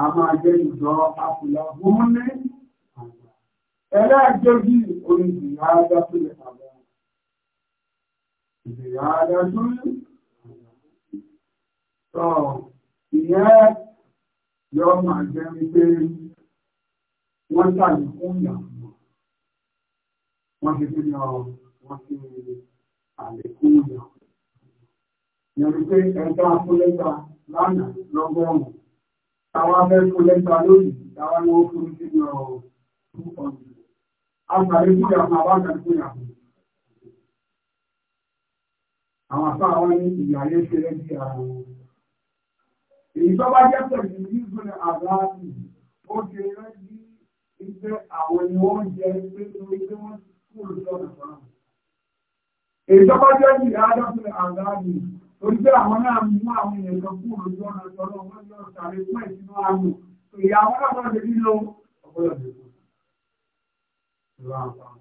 a máa jẹ́ ìjọ àpùlọ̀ gúnmú ní àgbà. ẹlẹ́ẹ̀jọ́jì orin ìyá ajá tó lè àgbà ìyá ajá tó lè àgbà. sọ ìyẹn yọ máa jẹ́ wípé wọ́n tàbí fún ìyàwó wọ́n ti fi ní ọ wọ́n ti àlékún ìyàwó. ìyẹn wípé ẹ̀ka afúnlẹ́gbà lánàá lọ́gọ́rùn-ún. Tàwọn afẹ́kù lẹ́gbà lónìí, tàwọn ni ó fún sí ní ọ̀rọ̀ fún ọ̀dọ̀. Agbàrí fún ìyàwó àbájá fún ìyàwó. Àwọn afá wọn ní ìyàlé ṣe lẹ́bí ara wọn. Èyí tó bá jẹ́ pẹ̀lú ìgbìmọ̀ àgbáàbì, ó ṣe rántí iṣẹ́ àwọn ni wọ́n jẹ pé torí pé wọ́n kúrò sọ́nà fáwọn. Èyí tó bá jẹ́ ìyàlé ṣe àgbáàbì, Oúnjẹ àwọn náà mú àwọn èèyàn lọ fún òun lọ́nà ìtọ́lọ́ wọn lọ sàrè fún ìsinú àmù. Ìyá àwọn náà gbọ́dọ̀ bí lọ ọ̀pọ̀lọ̀ bí Ìwà àpamọ́.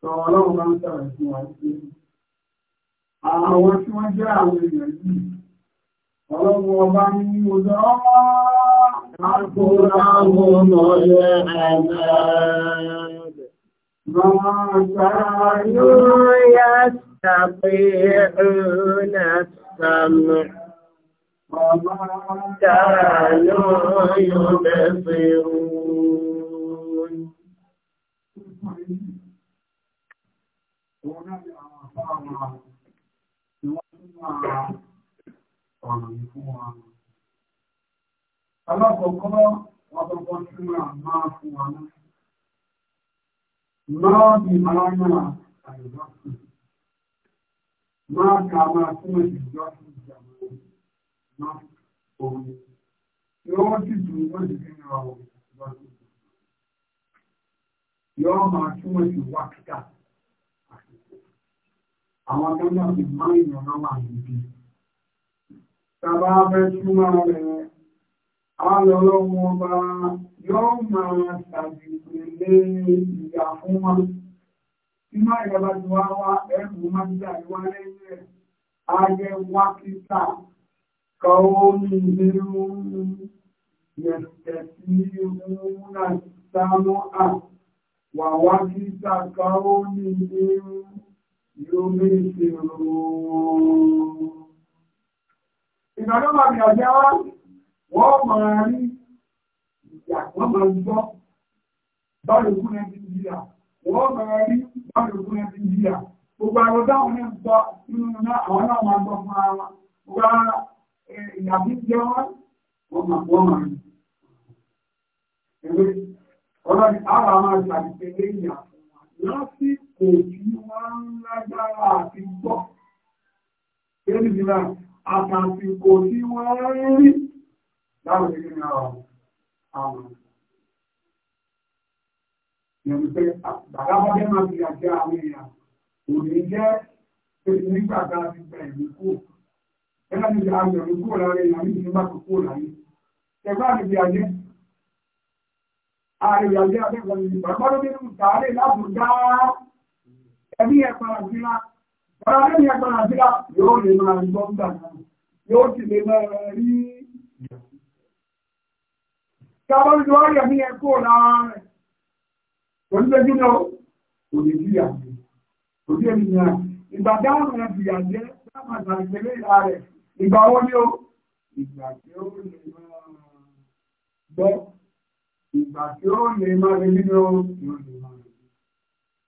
Sọ ọlọ́run bá ń sàrẹ̀ fún wa wípé àwọn tí wọ́n jẹ́ àwọn èèyàn yìí. Ọlọ́run ọba ní ọjọ́ Àkùnràwọ̀n ọ̀rẹ́ àgbà. Màá sàrẹ̀ yóò yá sí. يستطيعون السمع وما كانوا يبصرون Alákọ̀ọ́kọ́ wọ́n tó kọ́ sí máa fún wa náà. Máa bí máa náà àìbá fún máa ka máa fún ẹ̀sìn lọ́sùn ìjàmbá náà òun tí wọ́n sì tún wọ́n sì fi ra ọ̀rọ̀ lọ́sùn ìjàmbá yóò máa tún ẹ̀sìn wá kíkà àwọn akẹ́kọ̀ọ́ àti máa ń yàn náà wà níbi tábà fẹ́ tún máa rẹ̀ alọ́lọ́wọ́ bá yóò máa ṣàbíkú lé ìyá fún wọn. Iná ìjọba ti wá wá ẹ̀rù máa ń dà ìwá lẹ́yìn rẹ̀. Ayẹ wá kíkà kọ omi ìlérí oòrùn yẹ̀sẹ̀ sí oòrùn náà sáánú à. Wà wá kíkà kọ omi ìlérí lómi ìṣèrò. Ìgbàdọ́ máa bìí wá, wọ́n máa rí ìyà, wọ́n máa gbọ́. Bọ́ọ̀lù kúrẹ́ wọ́n máa rí bọ́ọ̀lù ẹbí yíyà gbogbo àwọn dáhùn ní gbọ́ nínú náà àwọn náà máa gbọ́ fún ara wọn wá ìyàbí jẹ́ wọn wọ́n máa wọ́n máa rí ẹgbẹ́ ọlọ́ni àwọn àwọn àṣàlùfẹ́ lẹ́yìn àfún wọn lásìkò tí wọ́n ń lágbára rí láwọn ìgbìmọ̀ àwọn yẹn pé bàbá bá fẹ́ máa fi àjẹ àwọn èèyàn kò ní jẹ́ pé nígbà tá a ti bẹ̀ ẹ̀mí kú ẹ̀ka ti fi àjọ ẹ̀mí kú lára èèyàn ní ìdílé bá ti kú láyé ẹ̀ka ti fi àjẹ ààrẹ àjẹ akẹ́kọ̀ọ́ ní bàbá ló dé nínú sàárè lábùdá ẹ̀mí ẹ̀pàrà síra bàbá ẹ̀mí ẹ̀pàrà síra yóò lè máa gbọ́ gbà náà yóò sì lè máa rí. Tábọ́lù wáyà ní ẹ̀kọ́ lára rẹ̀. Oníṣẹ́jú náà kò lè bí àjẹ́. Òjú ènìyàn, ìgbà dáhùn rẹ̀ bí àjẹ́ sábà náà ìṣẹ̀lẹ̀ ìlà rẹ̀. Ìgbà wo ni ó? Ìgbà tí ó lè máa gbọ́. Ìgbà tí ó lè máa rí nínú ìlú lè máa rí.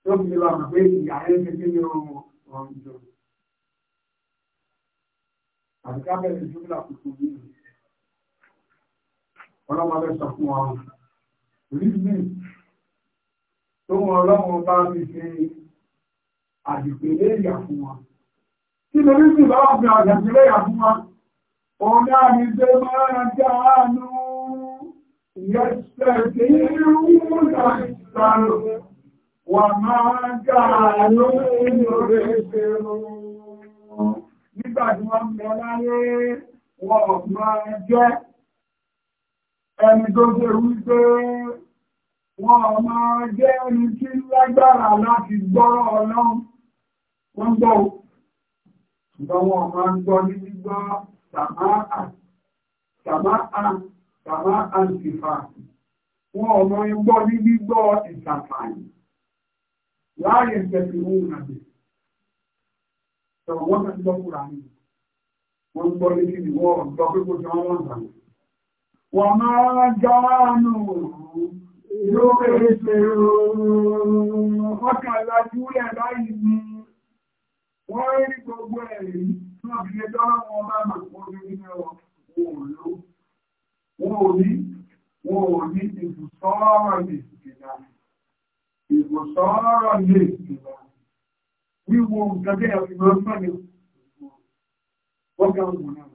Tó fi lọ àmọ̀ pé ìyá rẹ̀ ń gbé nínú ọ̀rọ̀ Àdìká bẹ̀rẹ̀ jùlọ àkókò yìí. Ọlọ́mọ bẹ sọ fún wa. Rí mi tó wọn ọlọ́wọ́ bá fi ṣe àdìpẹ̀lẹ̀ ìyà fún wa. Kí ló ní sí bá wà fún àdìpẹ̀lẹ̀ ìyà fún wa? Òun náà ní pé máa ń dáánú ìyẹ́sẹ̀ tí ó ń ta ìsàlò wà máa ń dáánú ìlòrè ìṣẹ́rò. Nígbà tí wọ́n mọ láyé wọ́n máa jẹ́ ẹni tó ṣe wípé Wọ́n máa jẹ́ ẹni tí lágbára láti gbọ́rọ̀ ọlọ́run. Wọ́n gbọ́ o. Ṣùgbọ́n wọn máa ń gbọ́ ní gbígbọ́ sàmáà, sàmáà, sàmáà ìfà. Wọ́n ọmọ ẹgbọ́ ní gbígbọ́ ìsàfàyè. Láàrin ẹ̀sẹ̀ fi hùn àbẹ̀. Sọ̀rọ̀ wọ́n máa ń gbọ́ fúra nìyí wọ́n gbọ́ létí ni wọ́n gbọ́ pé kò sọ wọ́n sàn. Wọ́n máa jáánù Ìlú pèsè ọkà lájú rẹ̀ báyìí ni wọ́n rí gbogbo ẹ̀rí tí wọ́n fi lẹ́jọ́ wọn bá mà wọ́n rí ní wọn ò ló. Wọ́n ò ní, wọ́n ò ní ìbùsọ́rọ̀ lè ìgbà. Ìbùsọ́rọ̀ lè ìgbà. Wíwo nǹkan tẹ́yà fi máa ń pàdé wọ́n gbà wọn náà.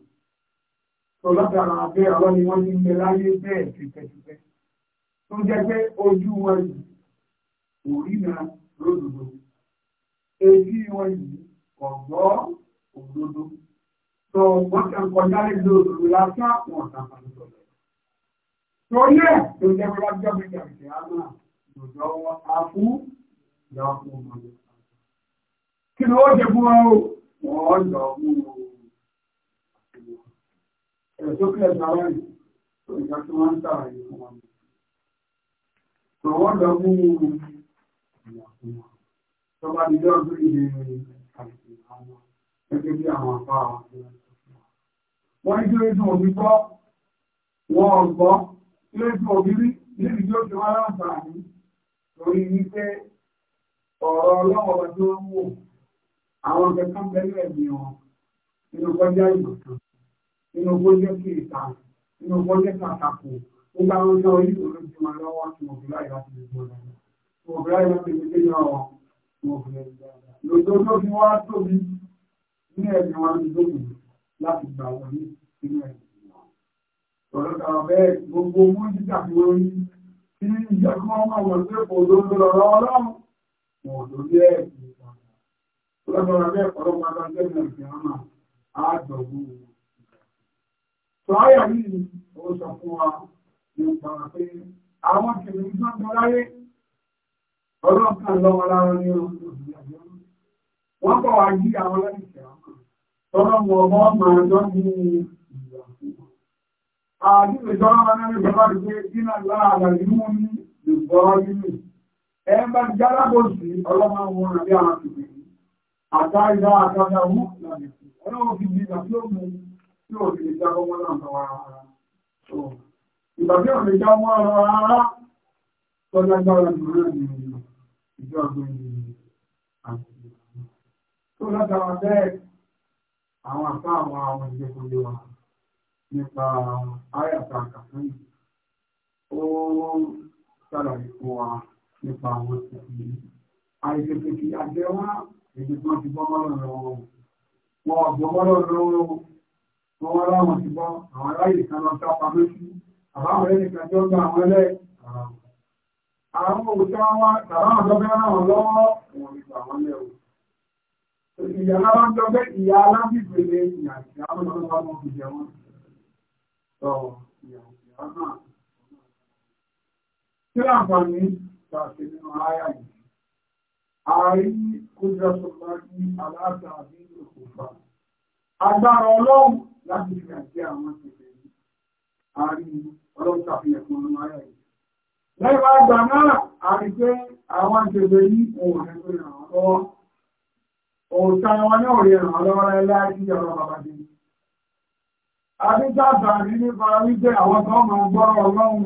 Sọlọ́tà àwọn abẹ́ àwọn ni wọ́n ti ń bẹ láyé bẹ́ẹ̀ ti tẹ̀síbẹ́ tó jẹ́ pé ojú wọn yìí kò rína lódodo etí wọn yìí kò gbọ́ òdodo tó wọ́n kàn kọjá lè lódodo lásán wọn kàn fà lódodo lọ. tó jẹ́ pé wọ́n jọ́ bí àmà lọ́dọ̀ wọn á fún ìyá ọkùnrin wọn. kí ni ó jẹ fún wọn o wọ́n lọ mú wọn. ẹ̀sọ́ kílẹ̀ sáré tó ìjà tí wọ́n ń sàrà yìí fún wọn. So what does it mean? Somebody does read gẹ́gẹ́ bí àwọn àpá wọ́n ní kílé tún òbí gbọ́ wọ́n ọ̀gbọ́ kílé tún òbí rí níbi tí ó ti wá láǹfààní lórí wípé ọ̀rọ̀ ọlọ́wọ́ tí wọ́n wò àwọn kẹta ń bẹ̀rẹ̀ ẹ̀mí wọn nínú kọjá ìgbọ̀tàn nínú kọjá kìrìtà nínú kọjá kàtàkùn ó bá wọn sọ yìí ló ti máa lọ́wọ́ tí mo fi láì láti lè gbọ́ dáadáa tí mo fi láì láti lè gbé náà wọn tí mo fi lè gbé dáadáa lòdò tó fi wá tóbi ní ẹ̀sìn wọn ti tóbi láti gbà wọn ní inú ẹ̀sìn wọn. ọ̀rọ̀ kàwé bẹ́ẹ̀ gbogbo wọn ti dàbí wọn rí kí ìjà kí wọ́n máa wọ̀ pé kò ló lọ lọ́wọ́ ọlọ́run wọn ò lórí ẹ̀sìn wọn. lọ́dọ̀ọ́rọ̀ bẹ́ẹ̀ ọ̀rọ̀ máa bá nípa pé àwọn kìnnì tó gbọ́ láyé ọlọ́pàá lọ́wọ́ lára ní wọ́n bọ̀ wá jí àwọn lẹ́yìn tọ́lọ́ mọ̀ ọmọ ọmọ ọjọ́ ní ìgbà fún wọn. àdúgbò ìjọba wọn lẹ́nu ìjọba rí pé iná láàlà ìlú ní ìgbọ́ nínú ẹ bá jára bó sí ọlọ́mọ wọn àbí àwọn kìnnì ìgbàgbé ọ̀nà ìjọ mọ́ ọ̀rọ̀ ara tó lágbára mìíràn ní ìjọ àwọn ènìyàn àti tó látara bẹ́ẹ̀ àwọn àpá àwọn àwọn ìjẹkùnlé wa nípa àyàtà àkàtúnyì ó ṣàlàyé fún wa nípa àwọn ìṣẹ̀lẹ̀ àìṣèkèkì àjẹwà èdè tí wọ́n ti bọ́ mọ́lọ̀ lọ́wọ́ wọn ọ̀gbọ́n mọ́lọ̀ àbáwọn ẹnìkan tó gba àwọn ẹlẹ́ àwọn òṣà wọn tàbáwọn tó bẹ́ẹ̀ náà lọ́wọ́ wọn ní gbà wọn lẹ́wọ̀ ìyá lábá ń dọ́gbẹ́ ìyá alábìgbèlè ìyá ìyá ọlọ́run bá wọn fi jẹ wọn sọ ìyá ìyá náà kí láǹfààní tàṣe nínú ayá yìí àárí kódà sọ̀rọ̀ ní aláàtà àbí òkùnfà agbára ọlọ́run láti fi àti àwọn ìṣẹ̀lẹ̀ yìí àárí ọlọ́run ṣàfihàn fún ọmọ ara yìí. lẹ́wọ̀n ní ohun rẹ̀ tó ràn án lọ́wọ́ òòtà wọn náà ní nípa wípé àwọn kan máa gbọ́rọ̀ ọlọ́run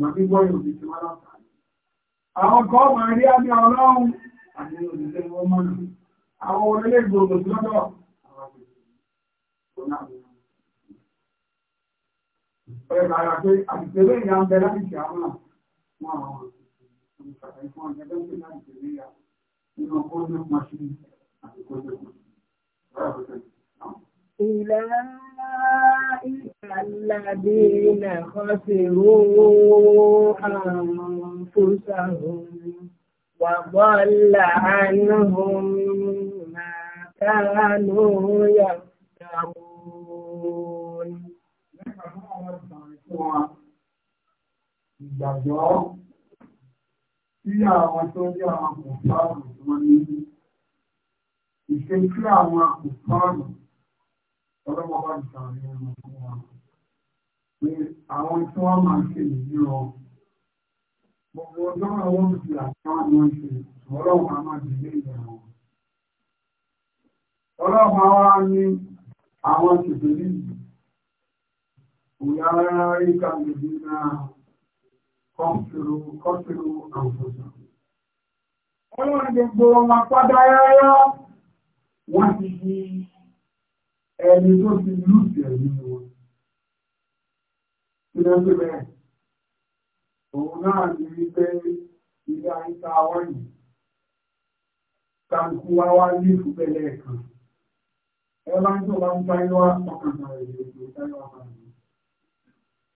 màbí gbọ́rọ̀ òbí ti wá láǹfààní. àwọn kan máa rí àmì ọlọ́run àti Ọ̀rẹ́ bàrà pé àtìtẹ̀lé ìyá ń bẹ láti ṣe fún àwọn olùsàlàyé fún fún wa ìgbàgbọ́ tí àwọn tó jẹ́ àwọn kòfáàrù tí wọ́n ní ìṣe tí àwọn kòfáàrù ọlọ́mọba ìsàrí ẹran fún wa pé àwọn tí wọ́n máa ṣe nìyí rọ gbogbo ọjọ́ àwọn ti àtàwọn àwọn ṣe ọlọ́run a máa dìlé ìyàwó ọlọ́run àwọn ní àwọn tètè níbi أولئك الذين قتلوا قتلوا أنفسهم Ọlọ́run gbogbo ọmọ padà rárá wọ́n ti di ẹni tó ti lùsì ẹ̀mí wọn. Kí ló ń gbé bẹ́ẹ̀? Òun náà ní wípé ilé àyíká wọ́nyí. Kàǹkú wa wá ní ìfúbẹ̀lẹ̀ kan. Ẹ bá ń tó bá ń bá yọ ọkàn náà èdè ìgbésẹ̀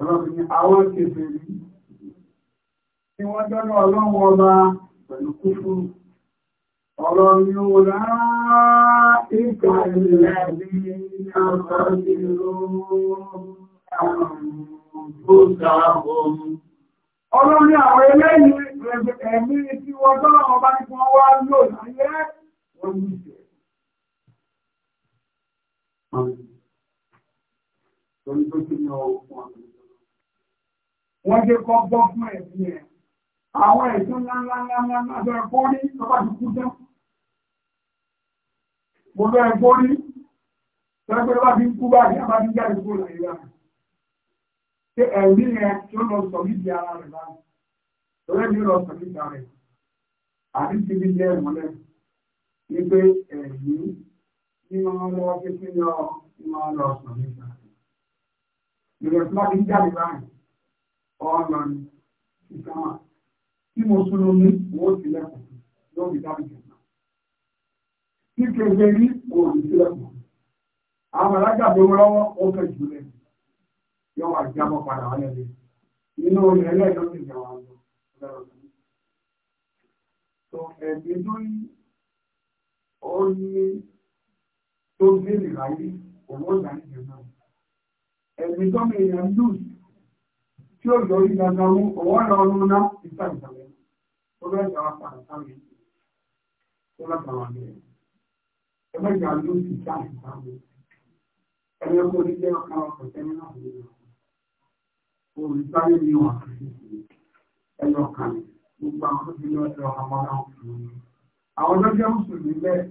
Ọlọ́run ni àwọn kèfèé rí tí wọ́n jọ́nà ọlọ́run ọba pẹ̀lú kúfúrú. Ọlọ́run ni ó láàá ìkà ilẹ̀ bí i ọ̀pọ̀ ìlú Ọlọ́run àwọn eléyìí ẹ̀mí tí wọ́n tọ́lọ̀ ọba ní wọ́n wá lò láyé wọ́n ní ìṣẹ́. Torí tó kí ní ọkùnrin wọ́n jẹ́ kọ́ bọ́ fún ẹ̀sìn ẹ̀ àwọn ẹ̀sùn ńláńláńláńlá bẹ̀rẹ̀ kórí lọ́pàá ti kú tán mo bẹ̀rẹ̀ kórí tẹ́gbẹ́ lọ́pàá ti kú báyìí àbá ti jáde kúrò nàìjíríà ṣé ẹ̀rí yẹn tó lọ sọ nídìí ara rẹ̀ báyìí lọ́rẹ́ mi lọ sọ nídìí ara rẹ̀ àti ti fi jẹ́ ìmọ̀lẹ́ ní pé ọ̀nà ìkàmà tí mo súnú ní wọ́n ti lẹ́kùn lórí dábìjọba tí kéde ní òòrùn sí lẹ́kùn àwọn alágbàdo lọ́wọ́ ó fẹ́ jù lẹ́ yọ wà jábọ̀ padà wálé lé nínú ilẹ̀ ẹlẹ́yìn ló ti jà wà lọ lọ́rọ̀ tó ẹ̀mí tó ní ó ní tó gbé nìkan yìí òun ó gbà níjẹ̀ náà ẹ̀mí tó mi yàn lùsì tí ó yọrí dandan mú ọwọ́ lọ ọdún ná ìta ìsàlẹ̀ ó bẹ́ẹ̀ jà wá padà sáré ó lọ́ta wà bẹ́ẹ̀ ẹ bẹ́ẹ̀ jà ló ti já ìsàlẹ̀ ẹni kò ní jẹ́ ọ̀kan ọkọ̀ tẹ́lẹ̀ náà ní ìlú òun sáré ní wà ẹyọ kan gbogbo àwọn tó ti lọ ẹ àwọn ọmọdé àwọn tó jẹ́ mùsùlùmí bẹ́ẹ̀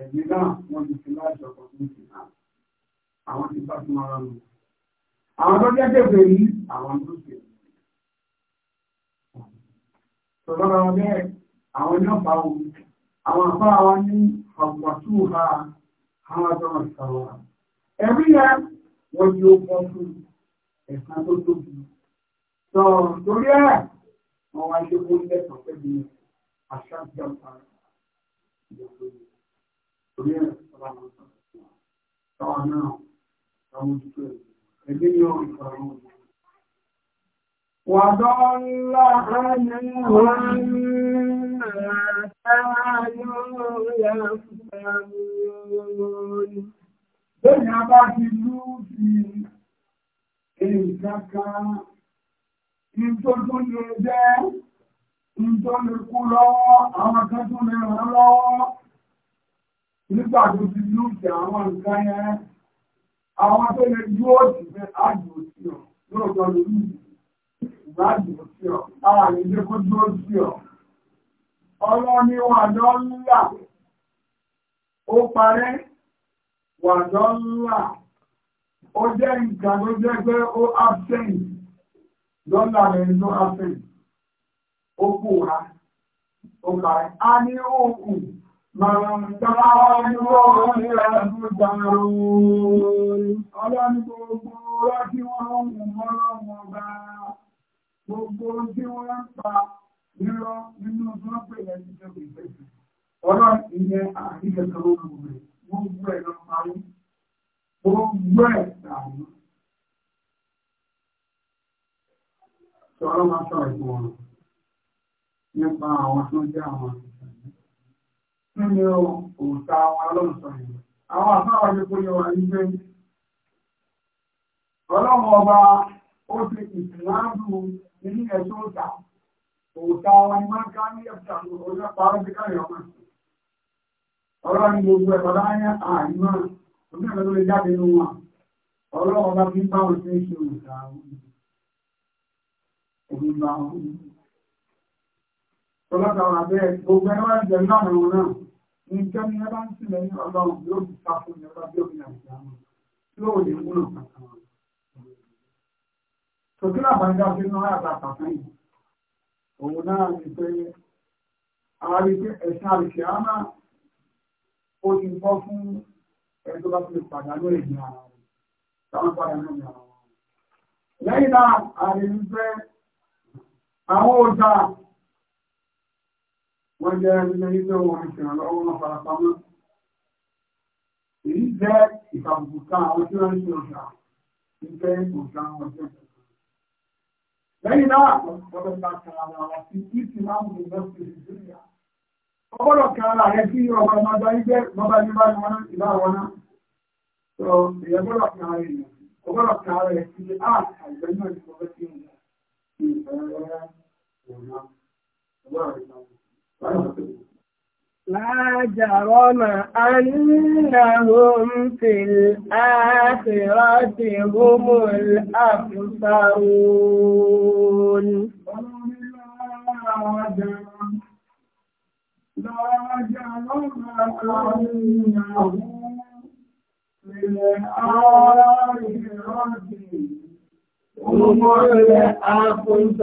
ẹ̀mí náà wọ́n ti fi láìsọ̀kan ní ìsìn náà àwọn ti bá tún ara nù àwọn tó jẹ́ kẹfẹ́ yìí àwọn tó ṣe tọ́lọ́rọ̀ ọdẹ́ àwọn ní ọ̀pá ohun àwọn àpá wọn ní àpàtú ha àwọn àjọmọ̀ ìsàwọ̀ ẹ̀rí ya wọ́n di ó pọ̀ fún ẹ̀sán tó tóbi sọ torí ẹ̀ wọ́n wá ṣe kó ilẹ̀ sọ̀tẹ́ bí àṣà ìjọba وضل عنهم lọ́wọ́ àwọn akẹ́tún lè lọ́wọ́ nígbà tó ti lú àwọn nǹkan àwọn tó lè dúró sí àjò sí ọ lóòótọ́ lórí ìgbà àjò sí ọ àwọn àlejò kó dúró sí ọ ọlọ́ni wà ńlá ó parẹ́ wà ńlá ó jẹ́ nǹkan ló jẹ́ pé ó absent lọ́la rẹ̀ ló Gbogbo tí wọ́n ń pa nírọ́ nínú ọdún pẹ̀lẹ̀ ìjọ ìgbẹ̀sẹ̀. Ọlọ́ ìyẹn àríkẹta olùgbò rẹ̀, gbogbo ẹ̀ lọ parí, gbogbo ẹ̀ dàrí. Ṣọ́rọ́ máa sọ̀rọ̀ ìgbọ̀n nípa àwọn tó jẹ́ àwọn àti kí ni òòta àwọn alọ́sọ yìí àwọn àtàwọn ẹ̀kọ́ yẹn wà ní pé ọlọ́run ọba ó ti ìsìláàbù ní ẹ̀sùn òòta òòta wọn ni máa ń ká ní ẹ̀sùn òòta ọ̀rọ̀ ti káyọ̀ ọmọ ọlọ́run gbogbo ẹ̀kọ́ láyé àìmọ́ òbí ẹ̀kọ́ tó lè jáde nínú wọn ọlọ́run ọba fi ń bá wọn ṣe é ṣe òòta àwọn òbí bá wọn. Tọ́lá nǹkan ni ẹ bá ń sílẹ̀ ní ọlọ́run yóò fi sá fún ní ọba yóò fi àìsí àmọ́ yóò lè wúlò kankan wọn. Tòkí làbàjá fi náà àgbàkà sẹ́yìn. Òun náà ni pé ẹ̀sìn àrìkì àmà ó ti bọ́ fún ẹni bá fi pàdánù èdè ara rẹ̀. Táwọn pàdánù èdè ara wọn. Lẹ́yìn náà, àrìkì pé àwọn ọjà wọ́n jẹ́ ilé ìgbé wọn ìṣìrànlọ́wọ́ wọn farapamọ́. èyí jẹ́ ìtàbùkù kan àwọn tí wọ́n ń ṣe ọ̀ṣà ń jẹ́ ọ̀ṣà wọn jẹ́ lẹ́yìn náà ọ̀pọ̀lọpọ̀ bá kan ara wa sí ìtì máa ń bọ̀ bọ́ sí ìdílé ọgbọ́dọ̀ kan ara rẹ kí ọmọ ọmọdé ayé bọ́bá ní bá wọn ìlà wọn náà sọ èèyàn gbọ́dọ̀ kan ara rẹ ọgbọ́dọ̀ kan ara rẹ sí àgbẹ̀ náà لا جرم أنهم في الآخرة هم الأخسرون لا جرم أنهم في الآخرة هم الأخسرون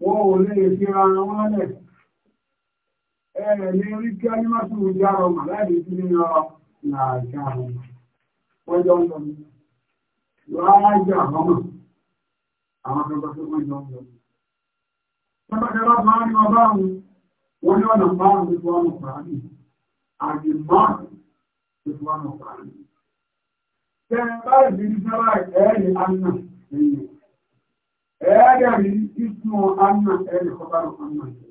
wọn ò lè fíra wọn lẹ̀ ẹ̀rẹ̀ lè rí kí anímọ́sùn yára ọmọ láti fi nínú làájá wọn jọ ń lọ ní ọmọ àwọn akẹ́kọ̀ọ́ tó wọ́n jọ ń máa ń ọba wọn ní ọ̀nà márùn-ún tó ẹ̀ẹ́dẹ̀rí Agaghị anna ẹni kọtàrù anna jẹ́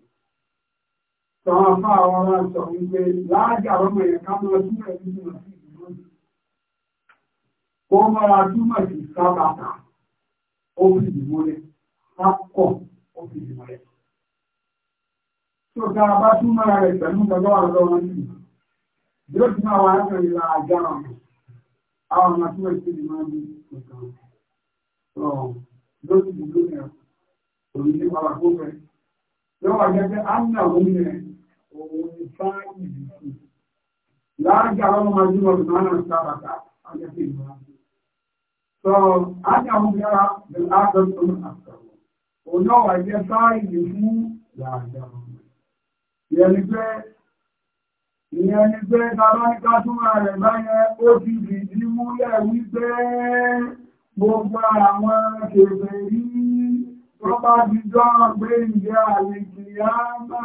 sọ́wọ́n fà àwọn ará sọ wípé láàájá ọmọ ẹ̀yẹ kámọ́ túnmọ̀ ìsúnmọ̀ sí ìlú ó mọ́ra túnmọ̀ sí sábàtà ó fi ìmọ́lẹ̀ akọ̀ ó fi ìmọ́lẹ̀ tó lórí ìlú yẹn òun ní wàrà tó fẹ́. lọ́wọ́ gẹ́gẹ́ amúnà òun yẹn òun ní sáyẹn ìlú. láàárín àwọn ọmọ ọdún ọdún náà ń sábà ká àjẹsí ìlú wa. sọ àti àwọn yàrá bẹ̀rẹ̀ àgbẹ̀ tó ń àtàwọn. òun náà wà jẹ́ sáyẹn ìlú fún làájá ọmọ. ìyẹn ni pé ìyẹn ni pé gbogbo àwọn ẹgbẹ̀ rí lọ́pá dídọ́ gbé ìjẹ́ àlejì yáàmà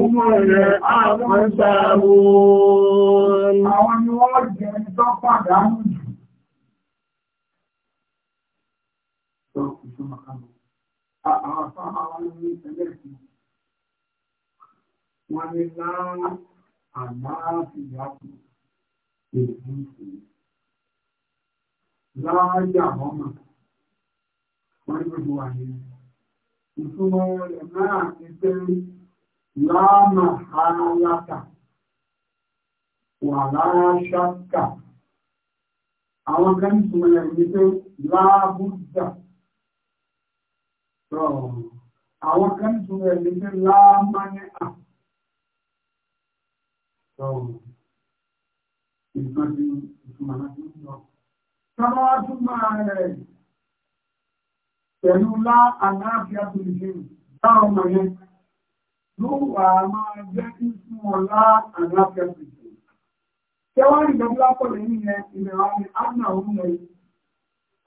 ọmọ rẹ̀ àpẹta oòrùn àwọn ni wọ́n jẹ́ tọ́pàdánù jù Wọ́n ni láàá àmáà fi láàájà ọmọ wọ́n ní gbogbo wà ní ìtumọ̀ rẹ̀ náà ti pé láàmà aláta wà láṣáka àwọn kan ní ìtumọ̀ rẹ̀ ní pé láàbùdà àwọn kan ní ìtumọ̀ rẹ̀ ní pé láàmánẹ́à ìtumọ̀ rẹ̀ ní ìtumọ̀ rẹ̀ ní Kama wá tún máa rẹ̀ pẹ̀lú lá àlàáfíà tó lè ṣe dáwọn ọmọ yẹn ló wà máa jẹ́ kí fún wọn lá àlàáfíà tó lè ṣe. Kẹwàá ní ìjọba lápọ̀ lẹ́yìn yẹn ilẹ̀ wa a Adna òun lẹ̀.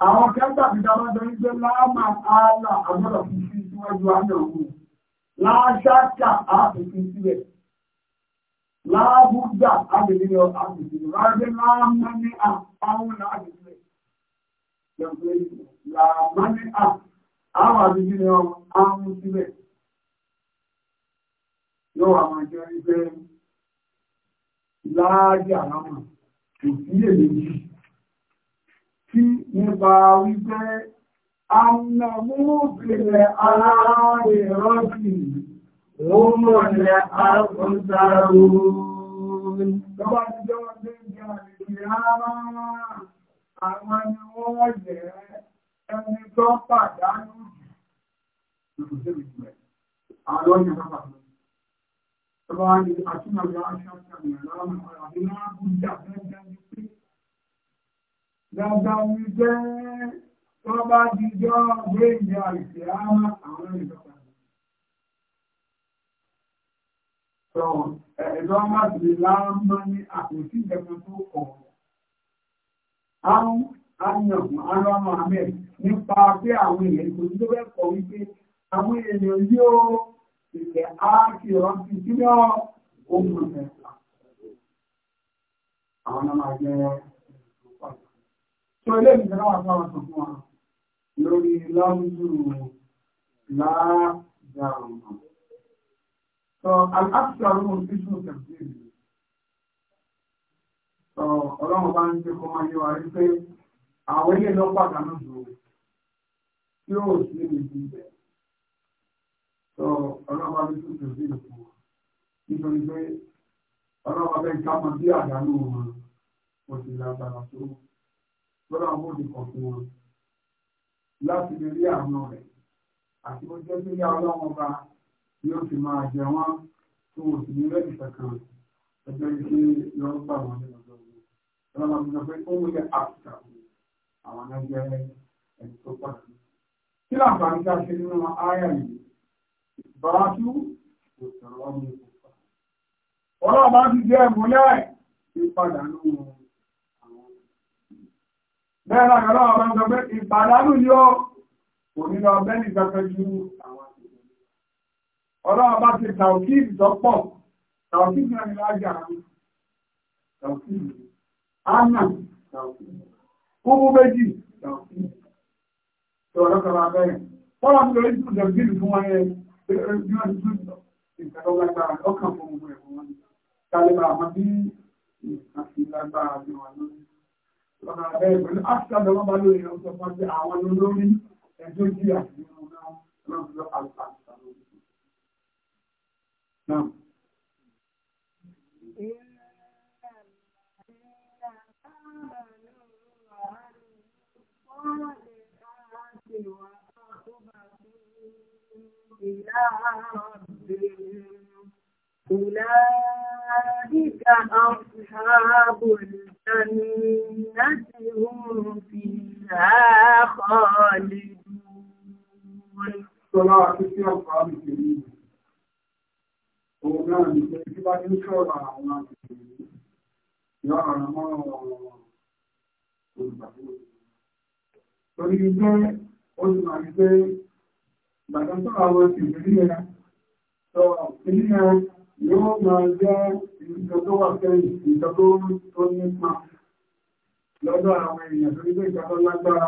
Àwọn kẹta ìjọba láàmà ní àwọn àbùkù làmánì àwọn àbíjú ni wọ́n á mú síbẹ̀ yóò wà máa jẹ́ ẹgbẹ́ láàájẹ́ àlámà kò sí èlé yìí tí nípa wípé àwọn ọmọbìnrin aláàrẹ rọ́bì wọ́n mọ̀ ní àkọ́sàrò Tọ́bá ti jọ́ ọdún ìjọ àti ìrànlọ́wọ́ àwọn ni wọ́n yẹ ẹni tó pàdánù jù àwọn ni wọ́n pàdánù. Ọba ni àtúnàlá aṣáàtàmì àwọn àbí máa bú ìjà fẹ́ẹ́ pé dáadáa ní jẹ́ tó bá dijọ́ gbé ìjà ìṣẹ́ àwọn ìjọba. Ẹ̀dọ́ máa ti láàmú ní àpòsí ìjẹun tó kọ̀ọ̀ àwọn àyànfún ara mohammed nípa pé àwọn èèyàn kò ní tó fẹ́ kọ̀ wípé àwọn èèyàn yóò ìfẹ́ áàkì ọ̀sìn sínú ohun ọ̀sẹ̀ àwọn ọmọ àjẹ́ tó ilé ìjọba wà fún àwọn ọ̀sán wọn lórí lọ́wọ́ láàárọ̀ so al-absar ọ̀sán ìṣòro ọlọ́run bá ń jẹ́ kó máa yé wa rí pé àwọn ilé lọ pàdánù dùn tí ó sì lè di ibẹ̀ tó ọlọ́run bá fi tún tún sí ìlú wọn nítorí pé ọlọ́run bá fẹ́ ká mọ bí àdánù wọn kò sì lágbára tó lọ́dọ̀ àwọn òde kan fún wọn láti lè rí àwọn rẹ̀ àti ó jẹ́ pé ọlọ́run ọba ni ó fi máa jẹ wọ́n tó wò sí ní rẹ́ẹ̀dì kankan ẹgbẹ́ ike yọ gbà ní ọjọ́ ìgbà wọ́n máa fi sọ pé ó wúlò áfíríkà àwọn náà jẹ́ ẹni tó pàtàkì. kí láǹfààní ká ṣe nínú àyà yìí bàbá tú kò sọ̀rọ̀ ọmọ ìkọ̀kọ̀. ọlọ́run bá ti jẹ́ ìmúlẹ̀ ìpadànù àwọn. bẹ́ẹ̀ náà yọ̀rọ̀ ọ̀rọ̀ ń sọ pé ìpadànù yóò kò ní lọ bẹ́ẹ̀ nìkan fẹ́jú àwọn àtìlẹ́yìn. ọlọ́run bá ti tàùkì ìdọ́pọ̀ tàùkì ìdílé ni lájà tàùkì ìdílé. Anà, kúrú méjì, tọ̀rọ̀ kọ̀rọ̀ abẹ́rẹ̀. Tọ́lá ń lórí ìtùjọ bílù fún wọn yẹn, ìgbẹ̀rẹ̀ lágbára ọkàn fún gbogbo ẹ̀fún wọn. Tàlẹ́bà àmọ́ bí ìkàfí lágbára bí wọn lórí. Tọ́lá abẹ́rẹ̀ pẹ̀lú àṣà lọ́wọ́ bá lórí ọ̀sọ̀ fún ọjọ́ àwọn olórí ẹjọ́ jí àti ìrùn náà lọ́wọ́ إلى ربهم أولئك أصحاب الجنة هم فيها خالدون صلاة القرآن الكريم Òun náà ní pé tí torí pé ó ti máa ní pé bàtà tó àwọn ìgbìlẹ̀ tó ìgbìlẹ̀ yóò máa jẹ́ ìjọ tó wà sẹ́yìn ìjọ tó nípa lọ́dọ̀ àwọn èèyàn torí pé ìjọ tó lágbára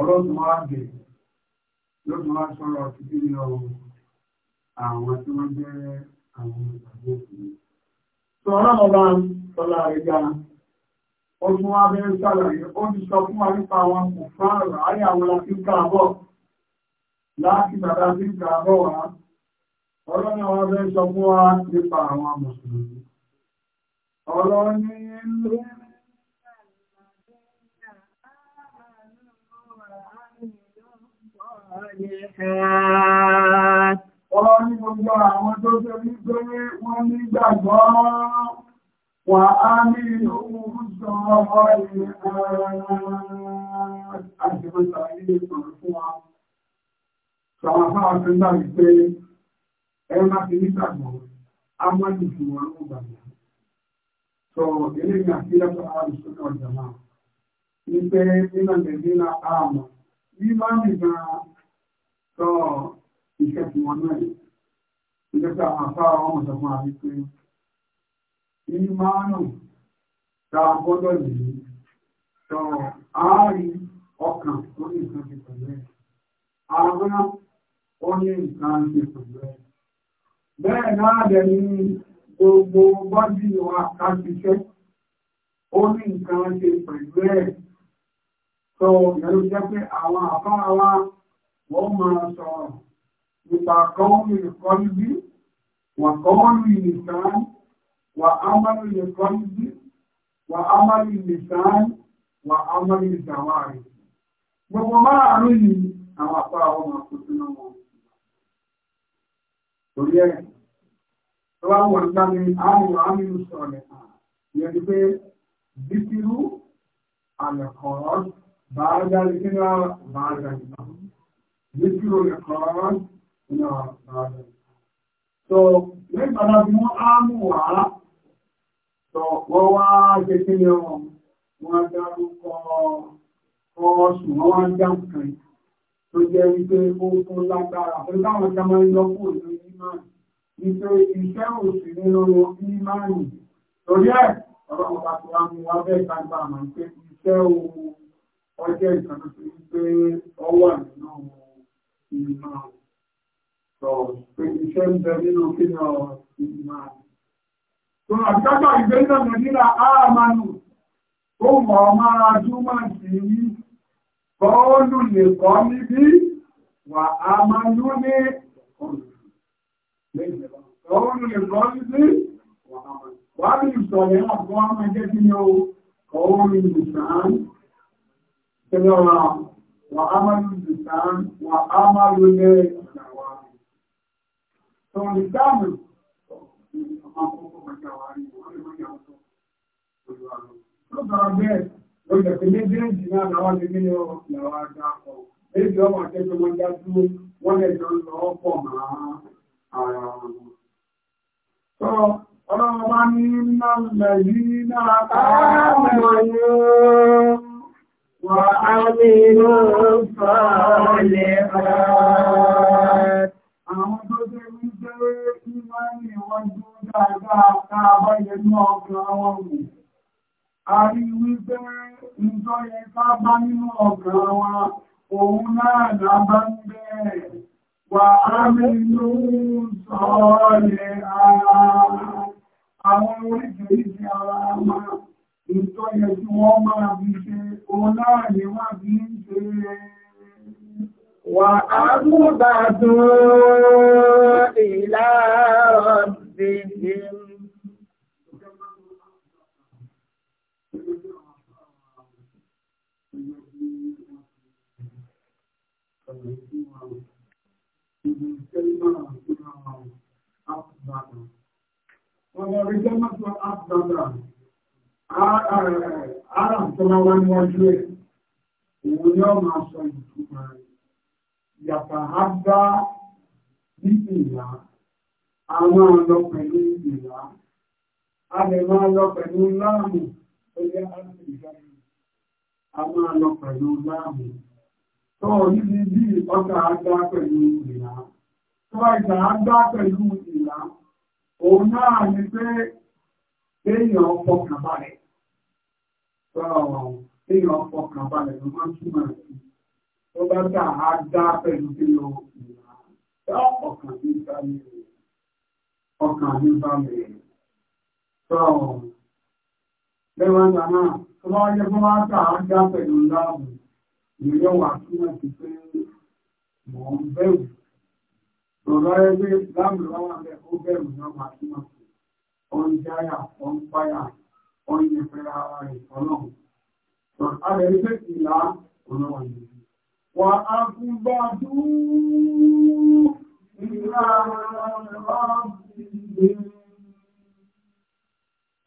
ọlọ́dún wá dé lọ́dún wá sọ̀rọ̀ títí ní ọrùn àwọn tí wọ́n jẹ́ àwọn ìgbàgbọ́ òfin. Sọ̀rọ̀ ọba sọlá rẹ̀ gara. Ogun abẹ́rẹ́ sàlàyé, ó ti sọ fún àríkà wọn kò fáàrà ayé àwọn láti káàbọ̀ láti bàbá sí káàbọ̀ wá. Ọlọ́run àwọn abẹ́rẹ́ sọ fún wa nípa àwọn Mùsùlùmí. Ọlọ́run ní ìlú àwọn tó ṣe ní pé wọ́n ní gbàgbọ́. وآمنوا بالظاهرات أجمل عليه مرفوعا صراحة الله يقول ẹ̀mà ti ní sàgbọ̀ amọ́nìtì wọn ló gbàgbà sọ eléyìí àti ẹ̀fọ́ àrùsọ́nà ọ̀jàmá nípẹ́ nínà nàìjíríà àmọ́ yíwá nìgbà sọ ìṣẹ́kùn wọn náà ìjọba àfáà ọmọ ìjọba àríkú ìmánù ta gbọ́dọ̀ yìí sọ àárín ọkàn tó ní nǹkan ti pẹ̀lú ẹ̀ àwọn ó ní nǹkan ti pẹ̀lú ẹ̀ bẹ́ẹ̀ náà dẹ̀ ní gbogbo bọ́dì wa ká ṣiṣẹ́ ó ní nǹkan ti pẹ̀lú ẹ̀ sọ ìyẹn jẹ́ pé àwọn àfáà wọ́n máa sọ̀rọ̀ nípa kọ́ọ̀mù ìkọ́lù bí wọ́n kọ́ọ̀lù ìnìkan وعمل للقلب وعمل للسان وعمل للجوارح gbogbo márùn-ún yìí àwọn apá àwọn ọmọ tó sínú wọn torí ẹ̀ tó wá wọ̀n gbá mi àwọn àmìlú sọ̀rọ̀ ìyẹn ni pé bíkírú àlẹ̀kọ̀ọ́ bàájá lè kíra bàájá lè náà bíkírú àlẹ̀kọ̀ọ́ náà bàájá lè náà. so nígbàdá bí wọ́n á mú wàá Wọ́n wá ṣe kí ni ọmọ wọn dárúkọ ọ̀ṣùn wọ́n wá ń já nǹkan tó jẹ́ wípé ó fún lágbára. Pẹ̀lú táwọn ọjà máa ń lọ kúrò ní ìmáànì. Nítorí iṣẹ́ òsì nínú ìmáànì. Torí ẹ̀, ọlọ́run bá ti wá mú wa bẹ́ẹ̀ kágbà máa ń pé iṣẹ́ òun ọjọ́ ìkànnì tó ń pé ọ wà nínú ìmáànì. Sọ pé iṣẹ́ ń bẹ nínú kí ni ọ̀ ìmáànì. Àbíkájá ìgbé náà Nàìjíríà àmànù, ó mọ̀ ọmọ ajú máa sì ní bọ́ọ̀lù lè kọ́ níbí wà àmànù ní bọ́ọ̀lù lè kọ́ níbí wà ní ìsọ̀rẹ̀ àpọ̀ ọmọ ẹgbẹ́ tí ó kọ́ọ̀lù ìsàn tẹ́lọ́ra wà àmànù ìsàn wà àmànù lè Lọ́gbàá bẹ́ẹ̀, lọ́gbàá pé méjèèjì náà làwọn Àwọn tó jẹ́ wípé ìmọ̀ ni wọ́n dáadáa káàbá ìyẹnú A rí wípé ìjọ yẹ ká bá nínú ọkàn wọn, òun náà lábá ń bẹ́ẹ̀. Wà á mẹ́rinú sọ̀rọ̀ yẹ ara àwọn oríṣiríṣi ara wọn. Ìjọ yẹ tí wọ́n máa fi ṣe, òun náà ni wọ́n fi ń ṣe Wà á ربهم Ọmọ ìjọ máa tó àpùdàdà, ara tó máa wá níwájú ẹ̀, òun ni ọ máa sọ ìtùmọ̀ rẹ̀. Yàtà á bá ní ìlànà a máa lọ pẹ̀lú ìlà a lè máa lọ pẹ̀lú láàmù tó yẹ áfíríkà a máa lọ pẹ̀lú láàmù tó níbi bí ọkà àgbá pẹ̀lú ìlà tó ìgbà àgbá pẹ̀lú ìlà òun náà ni pé kéèyàn fọkàn balẹ̀ kéèyàn fọkàn balẹ̀ ló máa túmọ̀ sí tó bá dà á pẹ̀lú ìlà dá ọkàn sí rẹ̀ ọkàn ní balẹ̀ sọ lẹ́wọ̀n ìgbà náà tó bá wáyé fún wá tà á já pẹ̀lú láàbù ìrẹ́ wà túmọ̀ sí pé mò ń bẹ̀rù lọ́rọ̀ ẹgbẹ́ láàbù lọ́wọ́ rẹ̀ ó bẹ̀rù náà wà túmọ̀ sí ọ ń jáyà ọ ń páyà ọ ń yẹ fẹ́ra ara rẹ̀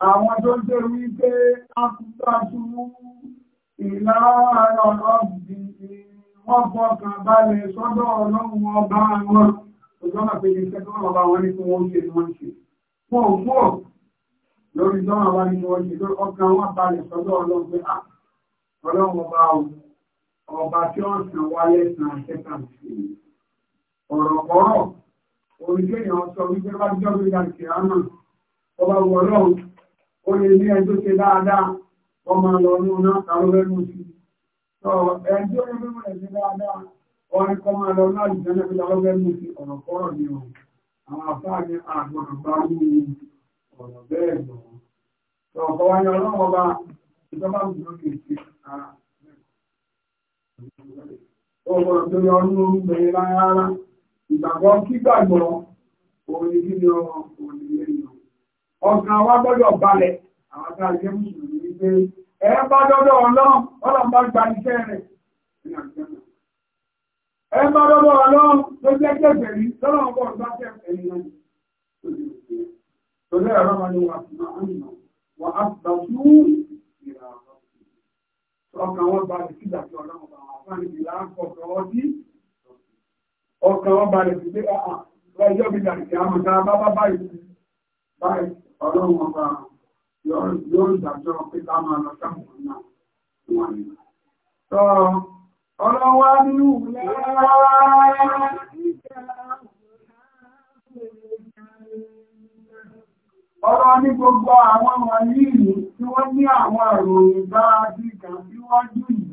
Àwọn tó jẹ́ wípé ápùtàtù ìlàára ọ̀bí wọ́n fọkàn balẹ̀ sọ́dọ̀ ọlọ́run ọba wọn. Òjọ́nà pé iṣẹ́ tó wọ́n bá wọn ní fún oúnjẹ ni wọ́n ṣe. Wọ́n ò fún ọ̀ lórí ìjọ́nà wá ní wọ́n ṣe lórí ọkàn wọn balẹ̀ sọ́dọ̀ ọlọ́run pé à ọlọ́run ọba ọba tí ó ń sàn wáyé sàn ṣẹ́kàn sí ọ̀rọ̀kọ́rọ̀ oríṣẹ́ èèyàn sọ wípé bá jọ́ bí láti àmà ọba wọ̀lọ́ ó lè ní ẹjọ́ ṣe dáadáa ọmọ lọ́nà náà kàrọ lẹ́nu sí ẹjọ́ ní mímọ̀ ẹ̀ṣẹ́ dáadáa ọrin kọ́ máa lọ náà jẹ́ náà kàrọ lẹ́nu sí ọ̀rọ̀ kọ́rọ̀ ni ọ̀ àwọn afáà ní àgbọ̀nà bá mú ọ̀rọ̀ bẹ́ẹ̀ lọ ọ̀pọ̀ wáyé ọlọ́run ọba ìjọba ìgbìmọ̀ kìí ṣe ara ọ̀pọ̀ ìjọba ọlọ́run gbẹ̀yẹ rárá ìgbàgbọ́ kígbàgbọ́ òní kí ni ọmọ òní lẹ́yìn ọkàn wa gbọ́dọ̀ balẹ̀ àwọn tá a jẹ́ mùsùlùmí wípé ẹ bá dọ́dọ̀ ọlọ́run ọlọ́run bá gba iṣẹ́ rẹ̀ ní àjẹmọ́ ẹ bá dọ́dọ̀ ọlọ́run tó jẹ́ kẹfẹ́ rí lọ́rùn bọ̀ bá kẹfẹ́ rí náà tó lè ọ̀rọ̀ máa ní wà sí máa ń nà wà á gbà fún ìrà ọkàn wọn balẹ̀ sígbà tí ọlọ́run bá wà fún ìlà ọkàn ọba rẹ̀ sí pé àà ah, ah, lọ́jọ́ bí dàríkì àmọ́ta bá bá báyìí báyìí ọlọ́run ọba yóò dájọ́ pé ká máa lọ sáwọn náà sọ nínú gbogbo àwọn tí wọ́n ní àwọn àròyìn bá tí wọ́n yìí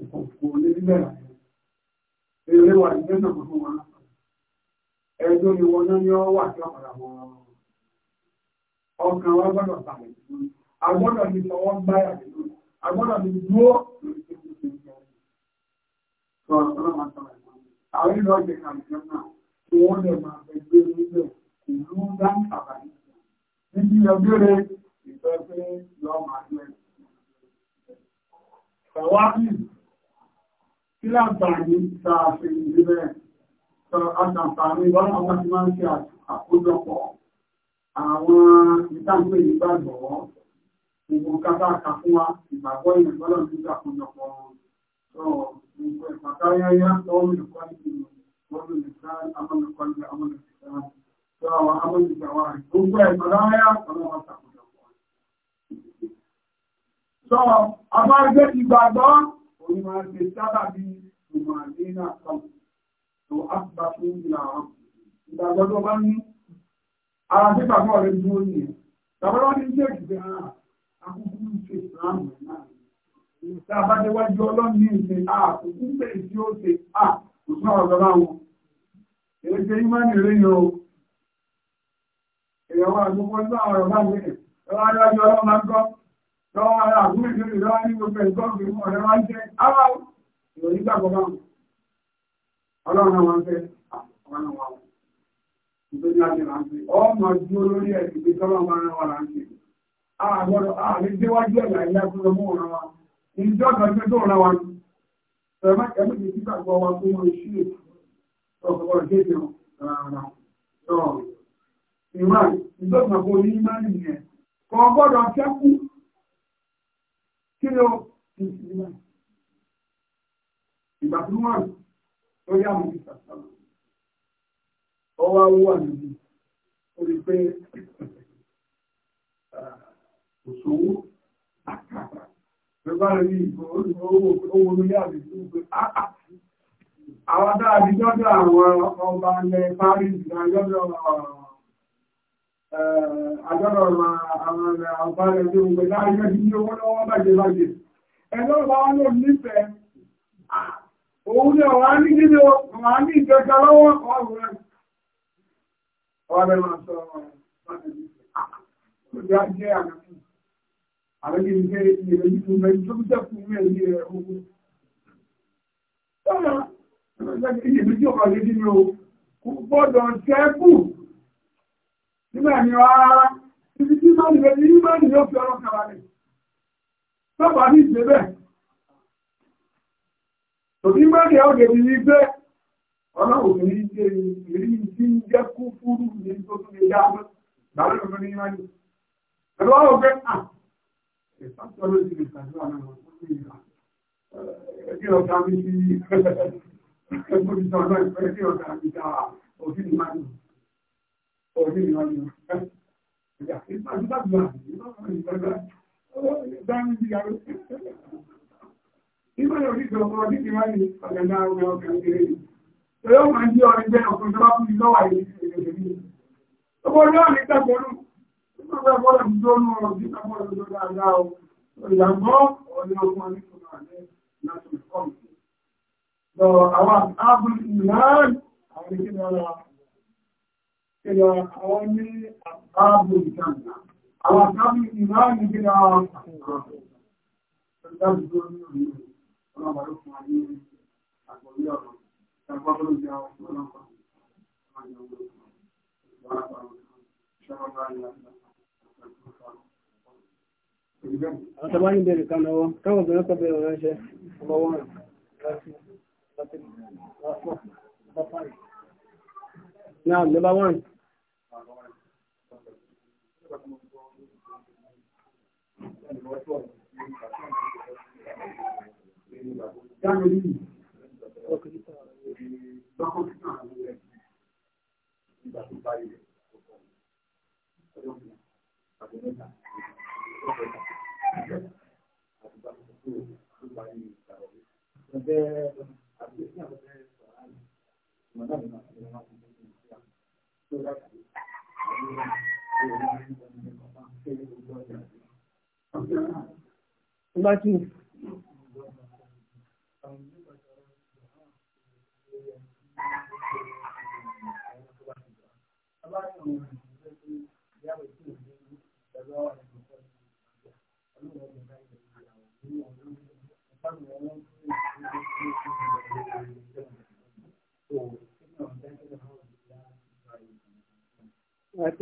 òkùnkùn ní níbẹ̀ eré wà ní ẹ̀nà fún wọn ẹjọ́ ni wọn náà ní ọ wà sí ọ̀pọ̀lá wọn ọkàn wa gbọ́dọ̀ sàlẹ̀ agbọ́dọ̀ ní sọwọ́ gbáyà nínú agbọ́dọ̀ ní dúó lórí tí ó ti ń sọ àwọn ìlú ọ̀jẹ̀ kàlùjọ náà tí wọ́n lè máa fẹ́ gbé nílẹ̀ ìlú dáńtì àbáyé níbi ọgbẹ́rẹ́ ìfẹ́ máa lẹ́yìn kí láǹfààní ta àfihàn ìbílẹ̀ sọ àtàǹfààní wọn àwọn tí máa ń ṣe àkójọpọ̀ àwọn ìtàǹpé ìgbàgbọ́ gbogbo kátà kà fún wa ìgbàgbọ́ ìrìnbọ́lọ̀ ní àkójọpọ̀ sọ gbogbo ìpàtàyáyá lọ́wọ́ ìlúkọ́ ìgbìmọ̀ lọ́wọ́ ìlúkọ́ amọ̀lùkọ́ ìgbà amọ̀lùkọ́ sọ àwọn amọ̀lùkọ́ wa gbogbo ìpàtàyáyá ọlọ́wọ́ àkójọpọ̀ sọ àbájẹ́ ìgbàgbọ́ òun máa ṣe sábà bí ìmọ̀ àdínà kan tó ápùpá fún ìlà àwọn ìgbàgbọ́ tó bá ní ara tí bàbá rẹ̀ dúró ní ẹ̀ bàbá wá ní jẹ́ ìgbẹ́ ara akúkú ń ṣe ìsìlámù ẹ̀ náà ìta àbájẹ́wájú ọlọ́ni ìṣe àkókò bẹ́ẹ̀ tí ó ṣe à kò tún àwọn ọ̀dọ́ láwọn èdè ìmọ̀ni rẹ̀ yọ èèyàn wa àgbókọ́ nígbà àwọn ọ̀rọ̀ bá ń gbé ẹ̀ lọ́wọ́ ara àgúrí tó lè lọ́wọ́ ní gbogbo ìgbọ́gbì ọ̀rẹ́ wá jẹ́ aláwọ̀ ìròyìn gbàgbọ́ bá ọlọ́run wọn fẹ́ ọ̀rọ̀ wọn nítorí láti rántí ọmọ dúró lórí ẹ̀sìn pé tọ́lọ́ máa ń wà rántí àgbọ̀dọ̀ àlè déwájú ẹ̀yà ìyá tó lọ mú ọ̀rọ̀ wa ìjọ kan tó tó ọ̀rọ̀ wa ni ẹ̀mí ti ti gbàgbọ́ wa tó mọ iṣu ètò ọ̀pọ̀ ìdíje ọ̀rọ̀ ìwà ìjọ kan kò ní ìmá nìyẹn kò gbọ́dọ̀ kí ni ó ìsìnlẹ̀ ìgbà tí wọ́n tó yá mú ní sàtàlù ọwọ́ wà níbi ó rí pé òṣòwò àkàtà pẹ̀lú rí owó ní yàrá tó gbé àwọn dáadé lọ́dọ̀ àwọn ọba ilẹ̀ Paris lọ́dọ̀ àwọn agbára ọ̀rọ̀ àwọn àbárẹ̀ tí ó gbẹ̀dá ayẹ́ bí ní owó lọ́wọ́ bàjẹ́ bàjẹ́. ẹ̀lọ́ bá wọ́n lò nífẹ̀ẹ́ òun ni ọ̀rọ̀ ní nílé ọ̀rọ̀ ní ìjọta lọ́wọ́ ọ̀rọ̀ rẹ̀ ọ̀rẹ́ máa sọ ọ̀rọ̀ Gbọ́dọ̀ tẹ́kù nígbà ní rárá ibi tí ní máa ìrí tí ń jẹ́ kú fúrú ní tó tún lè dá mọ́ gbàlẹ́ lọ́pàá ní máa nìyẹn ẹ̀rọ ọ̀rọ̀ pé à ìfàtí ọlọ́run ti lè ṣàdúrà ẹgbẹ́ ọ̀gá orí ìrànlọ́ ìgbà ìgbàgbà ìgbàgbà dáhùn ìyàwó ìgbà yóò rí ìjọba ọdún ìwà ní ọ̀gẹ̀dá ọgbẹ̀ ọgbẹ̀ ìgbèrè yóò máa ń jí ọrẹ jẹ́ ọkùnrin tó bá fún mi lọ́wọ́ àyè ìgbèrè mi ọgbọ̀ náà ní gbàgbọ́nù ìgbàgbà bọ́lá ti dónú ọ̀rọ̀ sí ìgbàgbọ́ ọ̀rọ̀ tó dáadáa o ìyàgbọ́ ọ̀rẹ́ ọkùnrin tó máa lẹ́ láti kọ́ mi. Àwọn àbúrò ìlànà àwọn ìgbèrè إلى أواني أصحاب الجنة على كم إيمان إلى Àwọn tàbí bèèrè kan lọ́wọ́, káwọn obìnrin kan bèèrè ránṣẹ́ lọ́wọ́ rẹ̀ láti láti láti láti láti láti Gracias. Nígbà Thank you. three.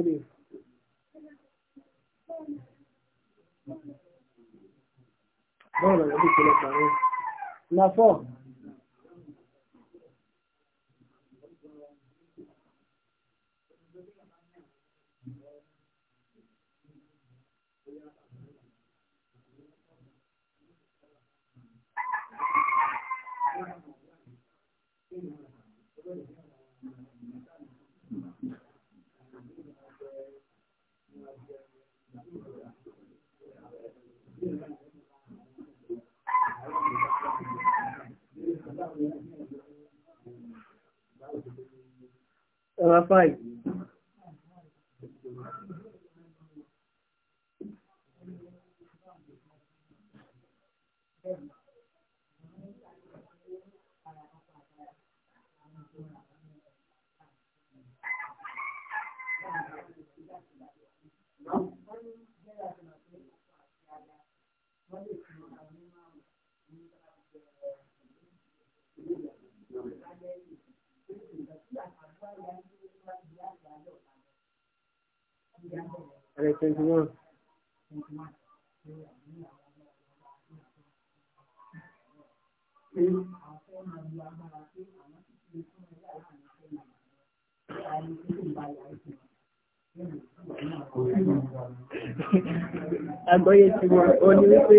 Bọ́ọ̀lù ọ̀yọ́ bí ìpínlẹ̀ pàrọ̀. Number four. Number five. Thank you. Ẹ̀rẹ̀ Àgbọ́yé ti wọ́n, ó ní wípé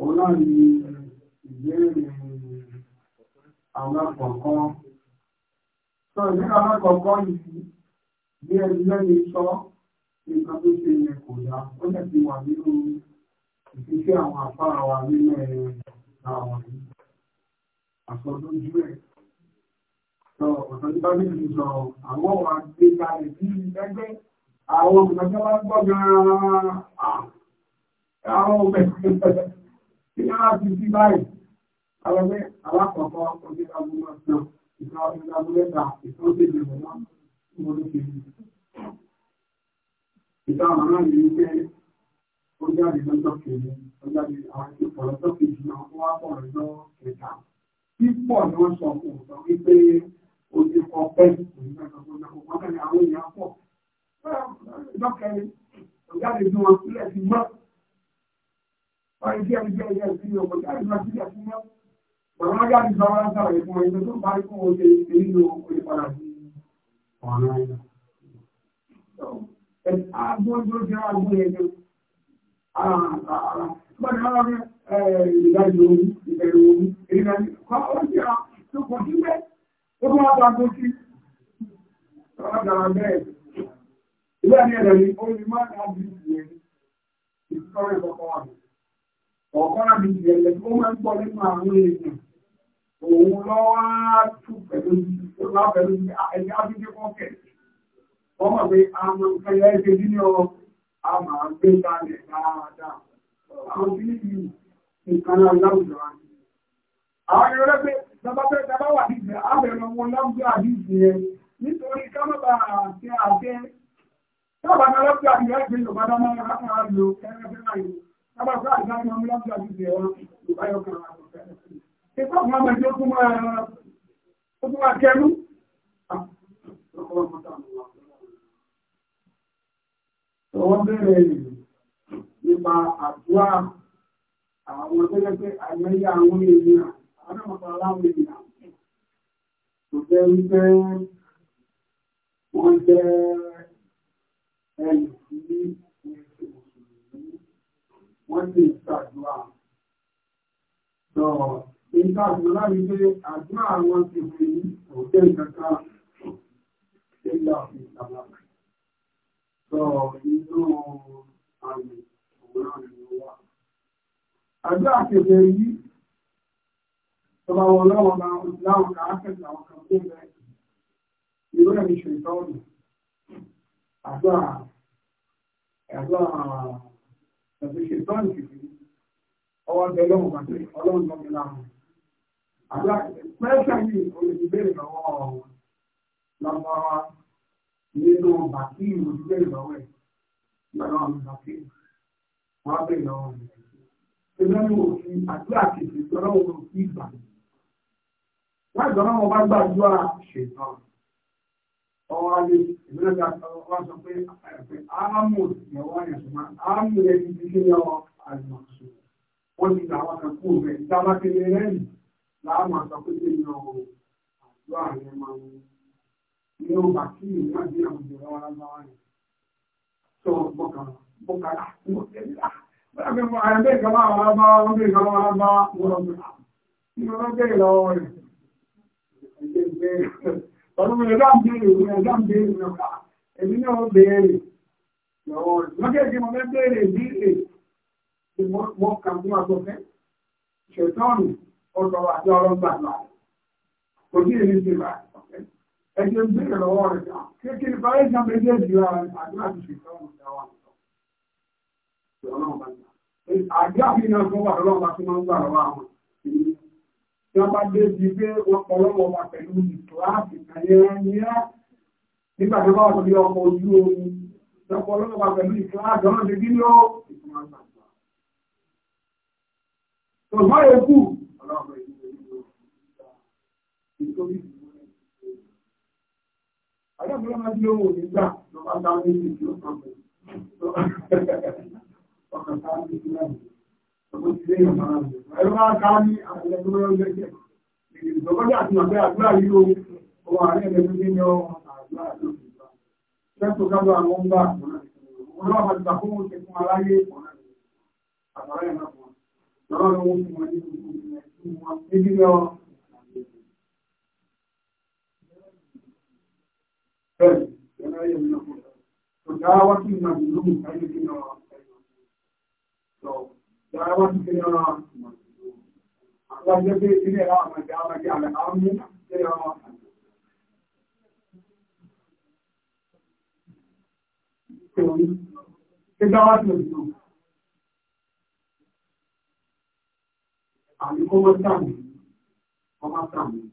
òun àwọn bí ẹni lẹ́ni sọ nǹkan tó ṣe yẹn kò dá ó lè ti wà nínú ìfíṣẹ́ àwọn afárá wa nínú ẹ̀rọ àwọn yìí ẹ̀ sọ ọ̀sán tí bá ti sọ àwọn wà gbé kalẹ̀ sí ẹgbẹ́ àwọn ọ̀sán tí wọ́n Kí ni a fi sí báyìí? Àwọn ọmọ alákọ̀ọ́kọ́ ọdún ìdágún máa sọ ìka ọdún ìdágún lẹ́ta ìtọ́jú ìdìbò náà tí mo ló fi rí. Ìta àwọn náà ní wípé ó jáde lọ́jọ́ kejì, ó jáde àwọn tí pọ̀ lọ́jọ́ kejì náà ó wá pọ̀ lọ́jọ́ kẹta. Pípọ̀ ni wọ́n sọ fún òótọ́ wípé ó ti kọ pẹ́ òyìnbá ìtọ́jú náà kò pọ́n kẹ́lẹ́ àwọn èèyàn pọ̀. Ìjọ́kẹ́rin, ọ̀gá Ọ̀rẹ́jẹ́ ẹgbẹ́ ẹgbẹ́ ìpínlẹ̀ ọmọ jáde máa ti jẹ́ fún mọ́. Bàbá jáde sọ wá ń sàrẹ̀ fún ẹgbẹ́ tó parí fún oṣù ìlú ìpadà sí ọ̀nà ẹ̀yà. Agbóhùn tó jẹ́ agbóhùn ẹgbẹ́. Bọ́dá wá rẹ̀ ìdájọ́ orí, ìbẹ̀rẹ̀ orí, ìrìnàjò. Ó jẹ́ tó kọ̀ sí pé ó tún wá bá tó sí. Ọ̀dàrà bẹ́ẹ̀. Ìwé ẹ̀rí ẹ̀rẹ̀ ni ó ní máa ń ọ̀kan àbí tó máa ń pọ̀ nínú àwọn èèyàn òun lọ́wọ́ tù pẹ̀lú lábẹ̀lú ẹni ábíjẹ́ kọ́kẹ̀ wọ́n mọ̀ pé àwọn ìkẹyẹ ẹgbẹ́ ní ọ a máa gbé kalẹ̀ dáadáa àwọn tí nìyí nǹkan láwùjọ àwọn pé nítorí kámọ́bà àti àjẹ́ tábà Abáfẹ́ àjá ni ọmọ lọ́gbà ní ìdè ọ̀rọ̀ ìbáyọ̀ kan àwọn ọ̀fẹ́. Ìkọ́ ọ̀gbọ́n mẹ́jọ tó máa ó tún wá kẹrú. Wọ́n bẹ̀rẹ̀ nípa àdúrà àwọn tó yẹ pé àyẹ̀yẹ àwọn ènìyàn, àwọn ọmọ aláwọ̀ ènìyàn. Kò jẹ́ wípé wọ́n jẹ́ ẹ̀yìn sí wọ́n lè ṣàdúrà. Sọ̀rọ̀ nígbà tó láti pé àdúrà wọn ti fi òjẹ́ kankan nígbà fi ṣàlàyé. Sọ̀rọ̀ inú àmì òwúrọ̀ ni ó wà. Àdúrà kẹfẹ yìí, tọ́ba wọn lọ́wọ́ láwọn kàákẹ́sì àwọn kan tó bẹ̀rẹ̀. Irú ẹ̀mí ṣe ìtọ́nù. Àdúrà, àdúrà ẹ̀sìn ṣe tọ́ ìkìkì ọwọ́ bẹ lọ́wọ́ pàtó ọlọ́run tó fi láàrùn. Àgbà pẹ́ẹ́sà yìí olùdíbèrè lọ́wọ́ lọ́wọ́ nínú bàtí olùdíbèrè lọ́wọ́ ẹ̀ lọ́wọ́ àwọn bàtí wọ́n á bèrè lọ́wọ́ mi. Ṣé ní òfin àdúrà kìkì tọ́lọ́wọ́ òfin ìgbà? Láì tọ́lọ́wọ́ bá gbàdúrà ṣètọ́rọ̀ ọwọ́ adé ìbílẹ̀ ta wá sọ pé ámù ìyàwó àyàṣùmá ámù rẹ̀ ti di kí lọ́wọ́ àjùmọ̀ṣù wọ́n ti dàwọn kan kú rẹ̀ ìjọba kele rẹ́yìn láàmú àtọ́kùnrin ní ọ̀rọ̀ àdúrà rẹ̀ máa ń ní ó bá kí ìlú náà bí àwọn ìjọba wa lágbára Ọdún ẹgbà ń bèèrè, ẹgbà ń bèèrè ọkà, ẹ̀mí náà bèèrè. Lọ́kẹ́ tí mo fẹ́ bèèrè bí è tí wọ́n kà fún agbọ́fẹ́, ṣẹ̀tọ́nù ọ̀dọ̀ àti ọ̀rọ̀ gbàgbà. Kò ní èyí ti rà ọ̀fẹ́. Ẹgbẹ́ ń bèèrè lọ́wọ́ rẹ̀ ká. Kékeré parí ìjà méjèèjì rà àdúrà ti ṣètọ́nù ìdáwà. Àdúrà fi náà tó wà lọ́wọ́ wọ́n bá dé di pé wọ́n pọ̀lọ́wọ́ wa pẹ̀lú ìtòláàfì kàyẹ́rẹ́yẹ́rá nígbà tó bá wà lórí ọkọ̀ ojú omi wọ́n pọ̀lọ́wọ́ wa pẹ̀lú ìtòláàfì ọ̀nà lè bí lọ ṣùgbọ́n yòókù ọlọ́pàá máa di owó nígbà lọ́pàá táwọn méjì tí ó kàn mọ́ ọkàn táwọn méjì náà Ẹ̀rọ máa ká ní àwọn ẹgbẹ̀rún lẹ́gbẹ̀ẹ́. Ìgbọ̀gbọ́dá àti àgbẹ́ àdúrà yìí ó wà ní ẹgbẹ̀rún nínú àdúrà àdúrà. Ṣẹ́tò kábọ̀ àwọn ń bá àwọn ọlọ́pàá ti bàkó mú ṣe fún aláyé ọ̀nà àtàrà ẹ̀nà fún wọn. Lọ́rọ̀ lọ́wọ́ fún wọn ní gbogbo ìrìn àti wọn ní Bẹ́ẹ̀ni, ẹ̀rọ ayé mi náà kò dáwọ́ sí ìrìn àjò lóhùn káyé nínú دعوة كرام الله يبي إلى رام جامع على أمن كرام كدعوة مجنون عليكم السلام وما السلام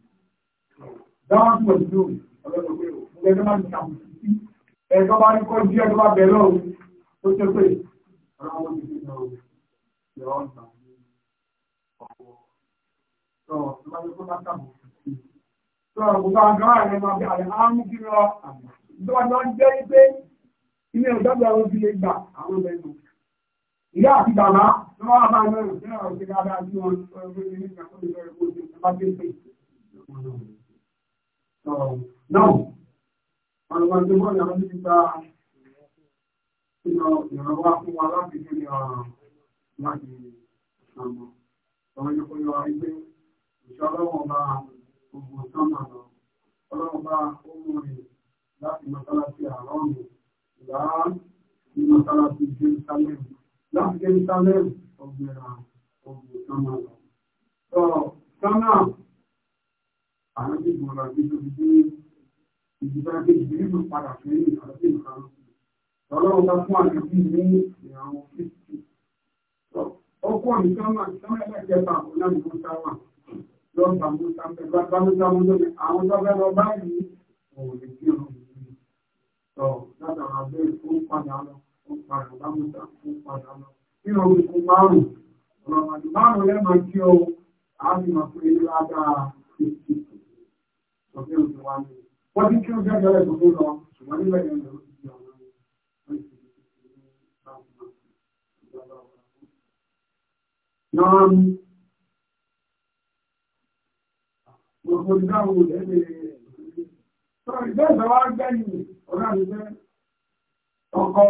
دعوة مجنون Ẹgbẹ́ bá ní kọ́ jí ẹgbẹ́ bá bẹ̀rẹ̀ òun tó ṣe pé ọ̀rọ̀ àwọn òṣìṣẹ́ náà yọ̀ọ́ gbà ní ọ̀pọ̀. Sọ ìwádìí tó bá tàbí sí. Sọ gbogbo Ìjọba ìjọba ọ̀rọ̀ ti lè àwọn ọmọ Ìyá àti bàbá ló wá bá ẹnu ẹ̀rọ sí ọ̀rọ̀ sí wọn sọ pé ní ìgbà tó lè lọ́rọ̀ kó ṣe bá dé pé. Náà, láti ṣàmọ̀. Àwọn ìyókò yọ ẹgbẹ́ ìṣọ́ ọlọ́wọ́ bá gbogbo sánmà lọ. Ọlọ́wọ́ bá owó rẹ̀ láti mọ́sálásí àárọ̀mù ìlà ní mọ́sálásí Jerusalem. Láti Jerusalem ọgbẹ̀rà gbogbo sánmà lọ. Sọ sánmà àwọn ìgbìmọ̀ làbí tó fi dé ìdìbò àti ìdìbò padà fún ìrìn àti ìkànnì. Ọlọ́wọ́ bá fún àjọ bíi ní ìrànwọ́ fífi ọkọ̀ mi sánmà sánmà ẹlẹ́kẹta àwọn náà nìkan sáwà lọ́ọ̀bà mọ́ta pẹ̀lú abámọ́ta mọ́tò ní àwọn tọ́gbẹ́ lọ báyìí òun lè fi hàn mí sọ látara bẹ́ẹ̀ ó ń padà lọ ó ń padà bámọ́ta ó ń padà lọ kí ló ń kó o á sì mọ̀ pé ní ládàá fífi ọ̀gbẹ́ òṣèwà ni wọ́n ti kí non gbogbo ìdáwò lẹ́gbẹ̀ẹ́ ìgbẹ́ ìgbẹ́wà gbẹ́yìn ọ̀rẹ́ àrífẹ́ ọkọ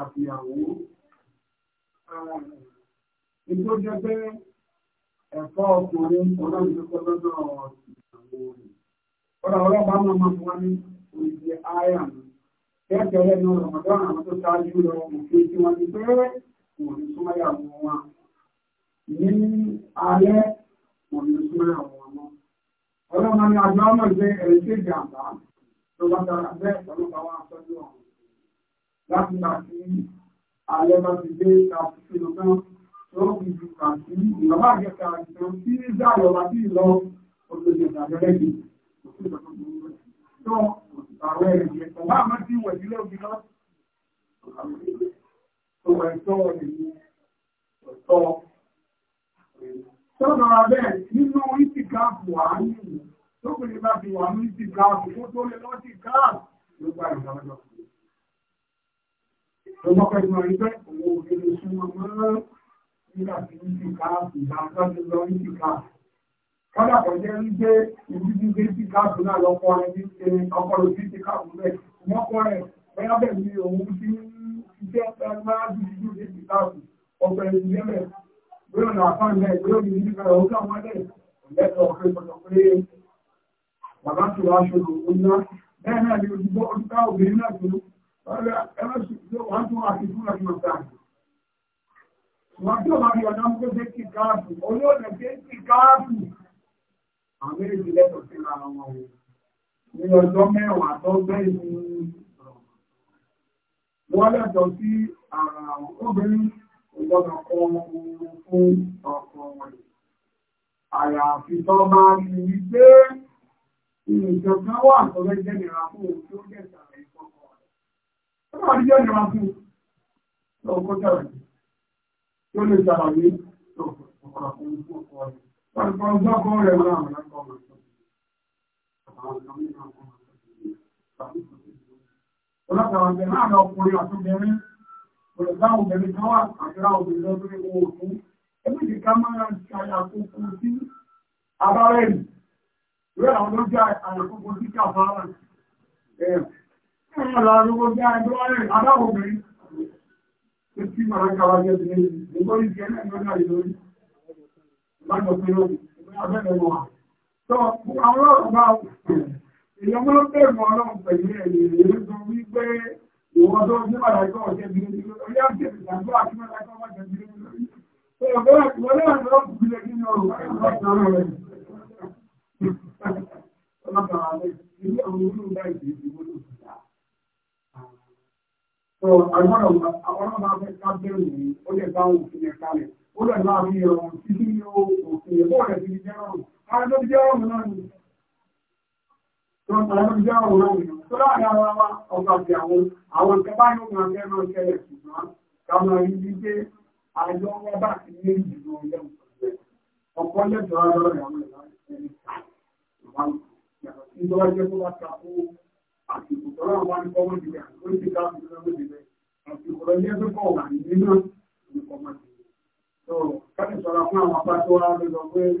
àti ìyàwó ìjọ jẹ́ pé ẹ̀fọ́ ọkùnrin ọ̀rẹ́ àrífẹ́ lọ́dọ̀ ìyàwó rẹ̀ ọ̀rẹ́ ọlọ́pàá máa máa fún wa ní oríṣi ààyà kẹ́kẹ̀ẹ́ lẹ́nu ọ̀rọ̀mọ̀dọ́ àwọn tó ṣáájú lọ òfin tí wọ́n ti pé ní alẹ́ òní fún àwọn ọmọ. Ọlọ́mọ ni àjọ ọmọ ìgbé ẹ̀rí tí ìjàmbá tó bá tara bẹ́ẹ̀ ọlọ́pàá wá sọ́jú ọ̀hún. Láti gbà sí alẹ́ bá ti dé tàbí sínú tán tó fi ju kà sí ìlọ́wọ́ àjẹta ìtàn tí ìjà ìlọ́wọ́ àti ìlọ òṣèlú ìdàgbẹ́rẹ́ yìí. Tó àwọn ẹ̀jẹ̀ kò bá Sọ́dọ̀ abẹ́ nínú ìtìkáàfù wà nínú tó kò lè bá fi wà ní ìtìkáàfù tó tó lè lọ́tì káàfù ló gbà ìdájọ́. Lọ́gbọ́n pẹ̀lú àrígbẹ́ òun òfin súnmọ́ mọ́ nígbà tí ìtìkáàfù ìdájọ́ ti lọ ìtìkáàfù. Kọ́dà kọ̀ jẹ́ ń gbé ìlú gbígbé ìtìkáàfù náà lọ́kọ́ rẹ̀ ní ṣe ọkọ̀ lónà àfáàlẹ̀ lórí nípa ọgá wọlé lẹ́tọ̀ ọ̀fẹ́ pọ̀lọ̀ pé bàbá tó wá ṣòro ọjọ́ bẹ́ẹ̀ náà ni ojúbọ́ ọjọ́ obìnrin náà tó wọ́n tún àti fún ọjọ́ ọ̀sán wọ́n tí ó máa rí ọ̀nà mú pé kí káàpù olóòdẹ̀ pé kí káàpù àwọn èdè lẹ́tọ̀ sí ara wọn o ní ọjọ́ mẹ́wàá tó gbẹ̀yìn wọ́n lẹ́tọ̀ sí ara obìnrin ìgbọ́dọ̀ kọ ohun fún ọkọ̀ rẹ̀. Àyàfi tó bá rí i pé nǹkan kan wà tó lè jẹ́ nira fún òun tó jẹ́ ìsàlẹ̀ ìfọkọ̀ rẹ̀. Ó bá rí jẹ́ nira fún ọkọ̀ tẹ̀lé tó lè ṣàlàyé ọkọ̀ fún ọkọ̀ rẹ̀. Pàtàkì ọjọ́ ọkọ̀ rẹ̀ wọ́n àwọn ọkọ̀ rẹ̀ tó Ọlọ́pàá ọ̀gbẹ̀ náà lọ ọkùnrin àtúnbẹ̀rẹ̀ Ọ̀rọ̀dá obìnrin kan wà àjọra obìnrin lọ́dún ní owó fún. Ẹgbẹ́ ìdí ká máa ń ṣe àyàkókò sí abárẹ́rì. Ìwé àwọn ló jẹ́ àyàkókò sí kàfàárà. Ẹ̀rọ àlọ́gbọ́n jẹ́ àjọ́ rẹ̀ adáwòbìnrin. Ṣé kí màá kàwá jẹ́ ti ní ìgbórí jẹ́ náà lọ́dún àìlórí? Ìbájọ pé lórí, ìgbẹ́ abẹ́rẹ́ wọn. Sọ àwọn ọ̀rọ̀ bá èèyàn máa ń bẹ̀rù ọlọ́run pẹ̀lú ẹ̀yìn ìrẹ́sọ wípé ìwọ́n tó ń gbígbà láìpẹ́ ọ̀jẹ́ bí i lórí àjẹ́ ìgbàgbọ́ àti mẹ́ta kọ́ máa jẹ́ bí i lórí. Ṣé ọ̀gbọ́n àti wọlé àti ọ̀rọ̀ kùkú lè kí ni ọrùn láti ọ̀rọ̀ rẹ̀? Ọlọ́pàá àlẹ́ ìlú àwọn olóńgbà ìdí ìdìbò ló ti dá. Wọ́n tàbí jẹ́ ọ̀rọ̀ ìrìn tó láàrin àwọn ọgbà àti àwọn àwọn ìkẹbá yóò máa fẹ́ràn ìṣẹ̀lẹ̀ ṣùgbọ́n káwọn rí bí pé àjọ wọn bá ti ní ìdìbò ilé ọ̀pọ̀ lẹ́tọ̀ọ́ ọ̀rọ̀ ìyàwó ìjọba jẹ́ kó bá takó àsìkò tọ́lá wà ní kọ́mọ̀ ìdílé àti oṣù ká fi lọ́wọ́ ìdílé àsìkò lọ ní ẹgbẹ́ kọ̀ wà ní nínú ní kọ́mọ̀ ìdílé. tó káàkiri sọ̀rọ̀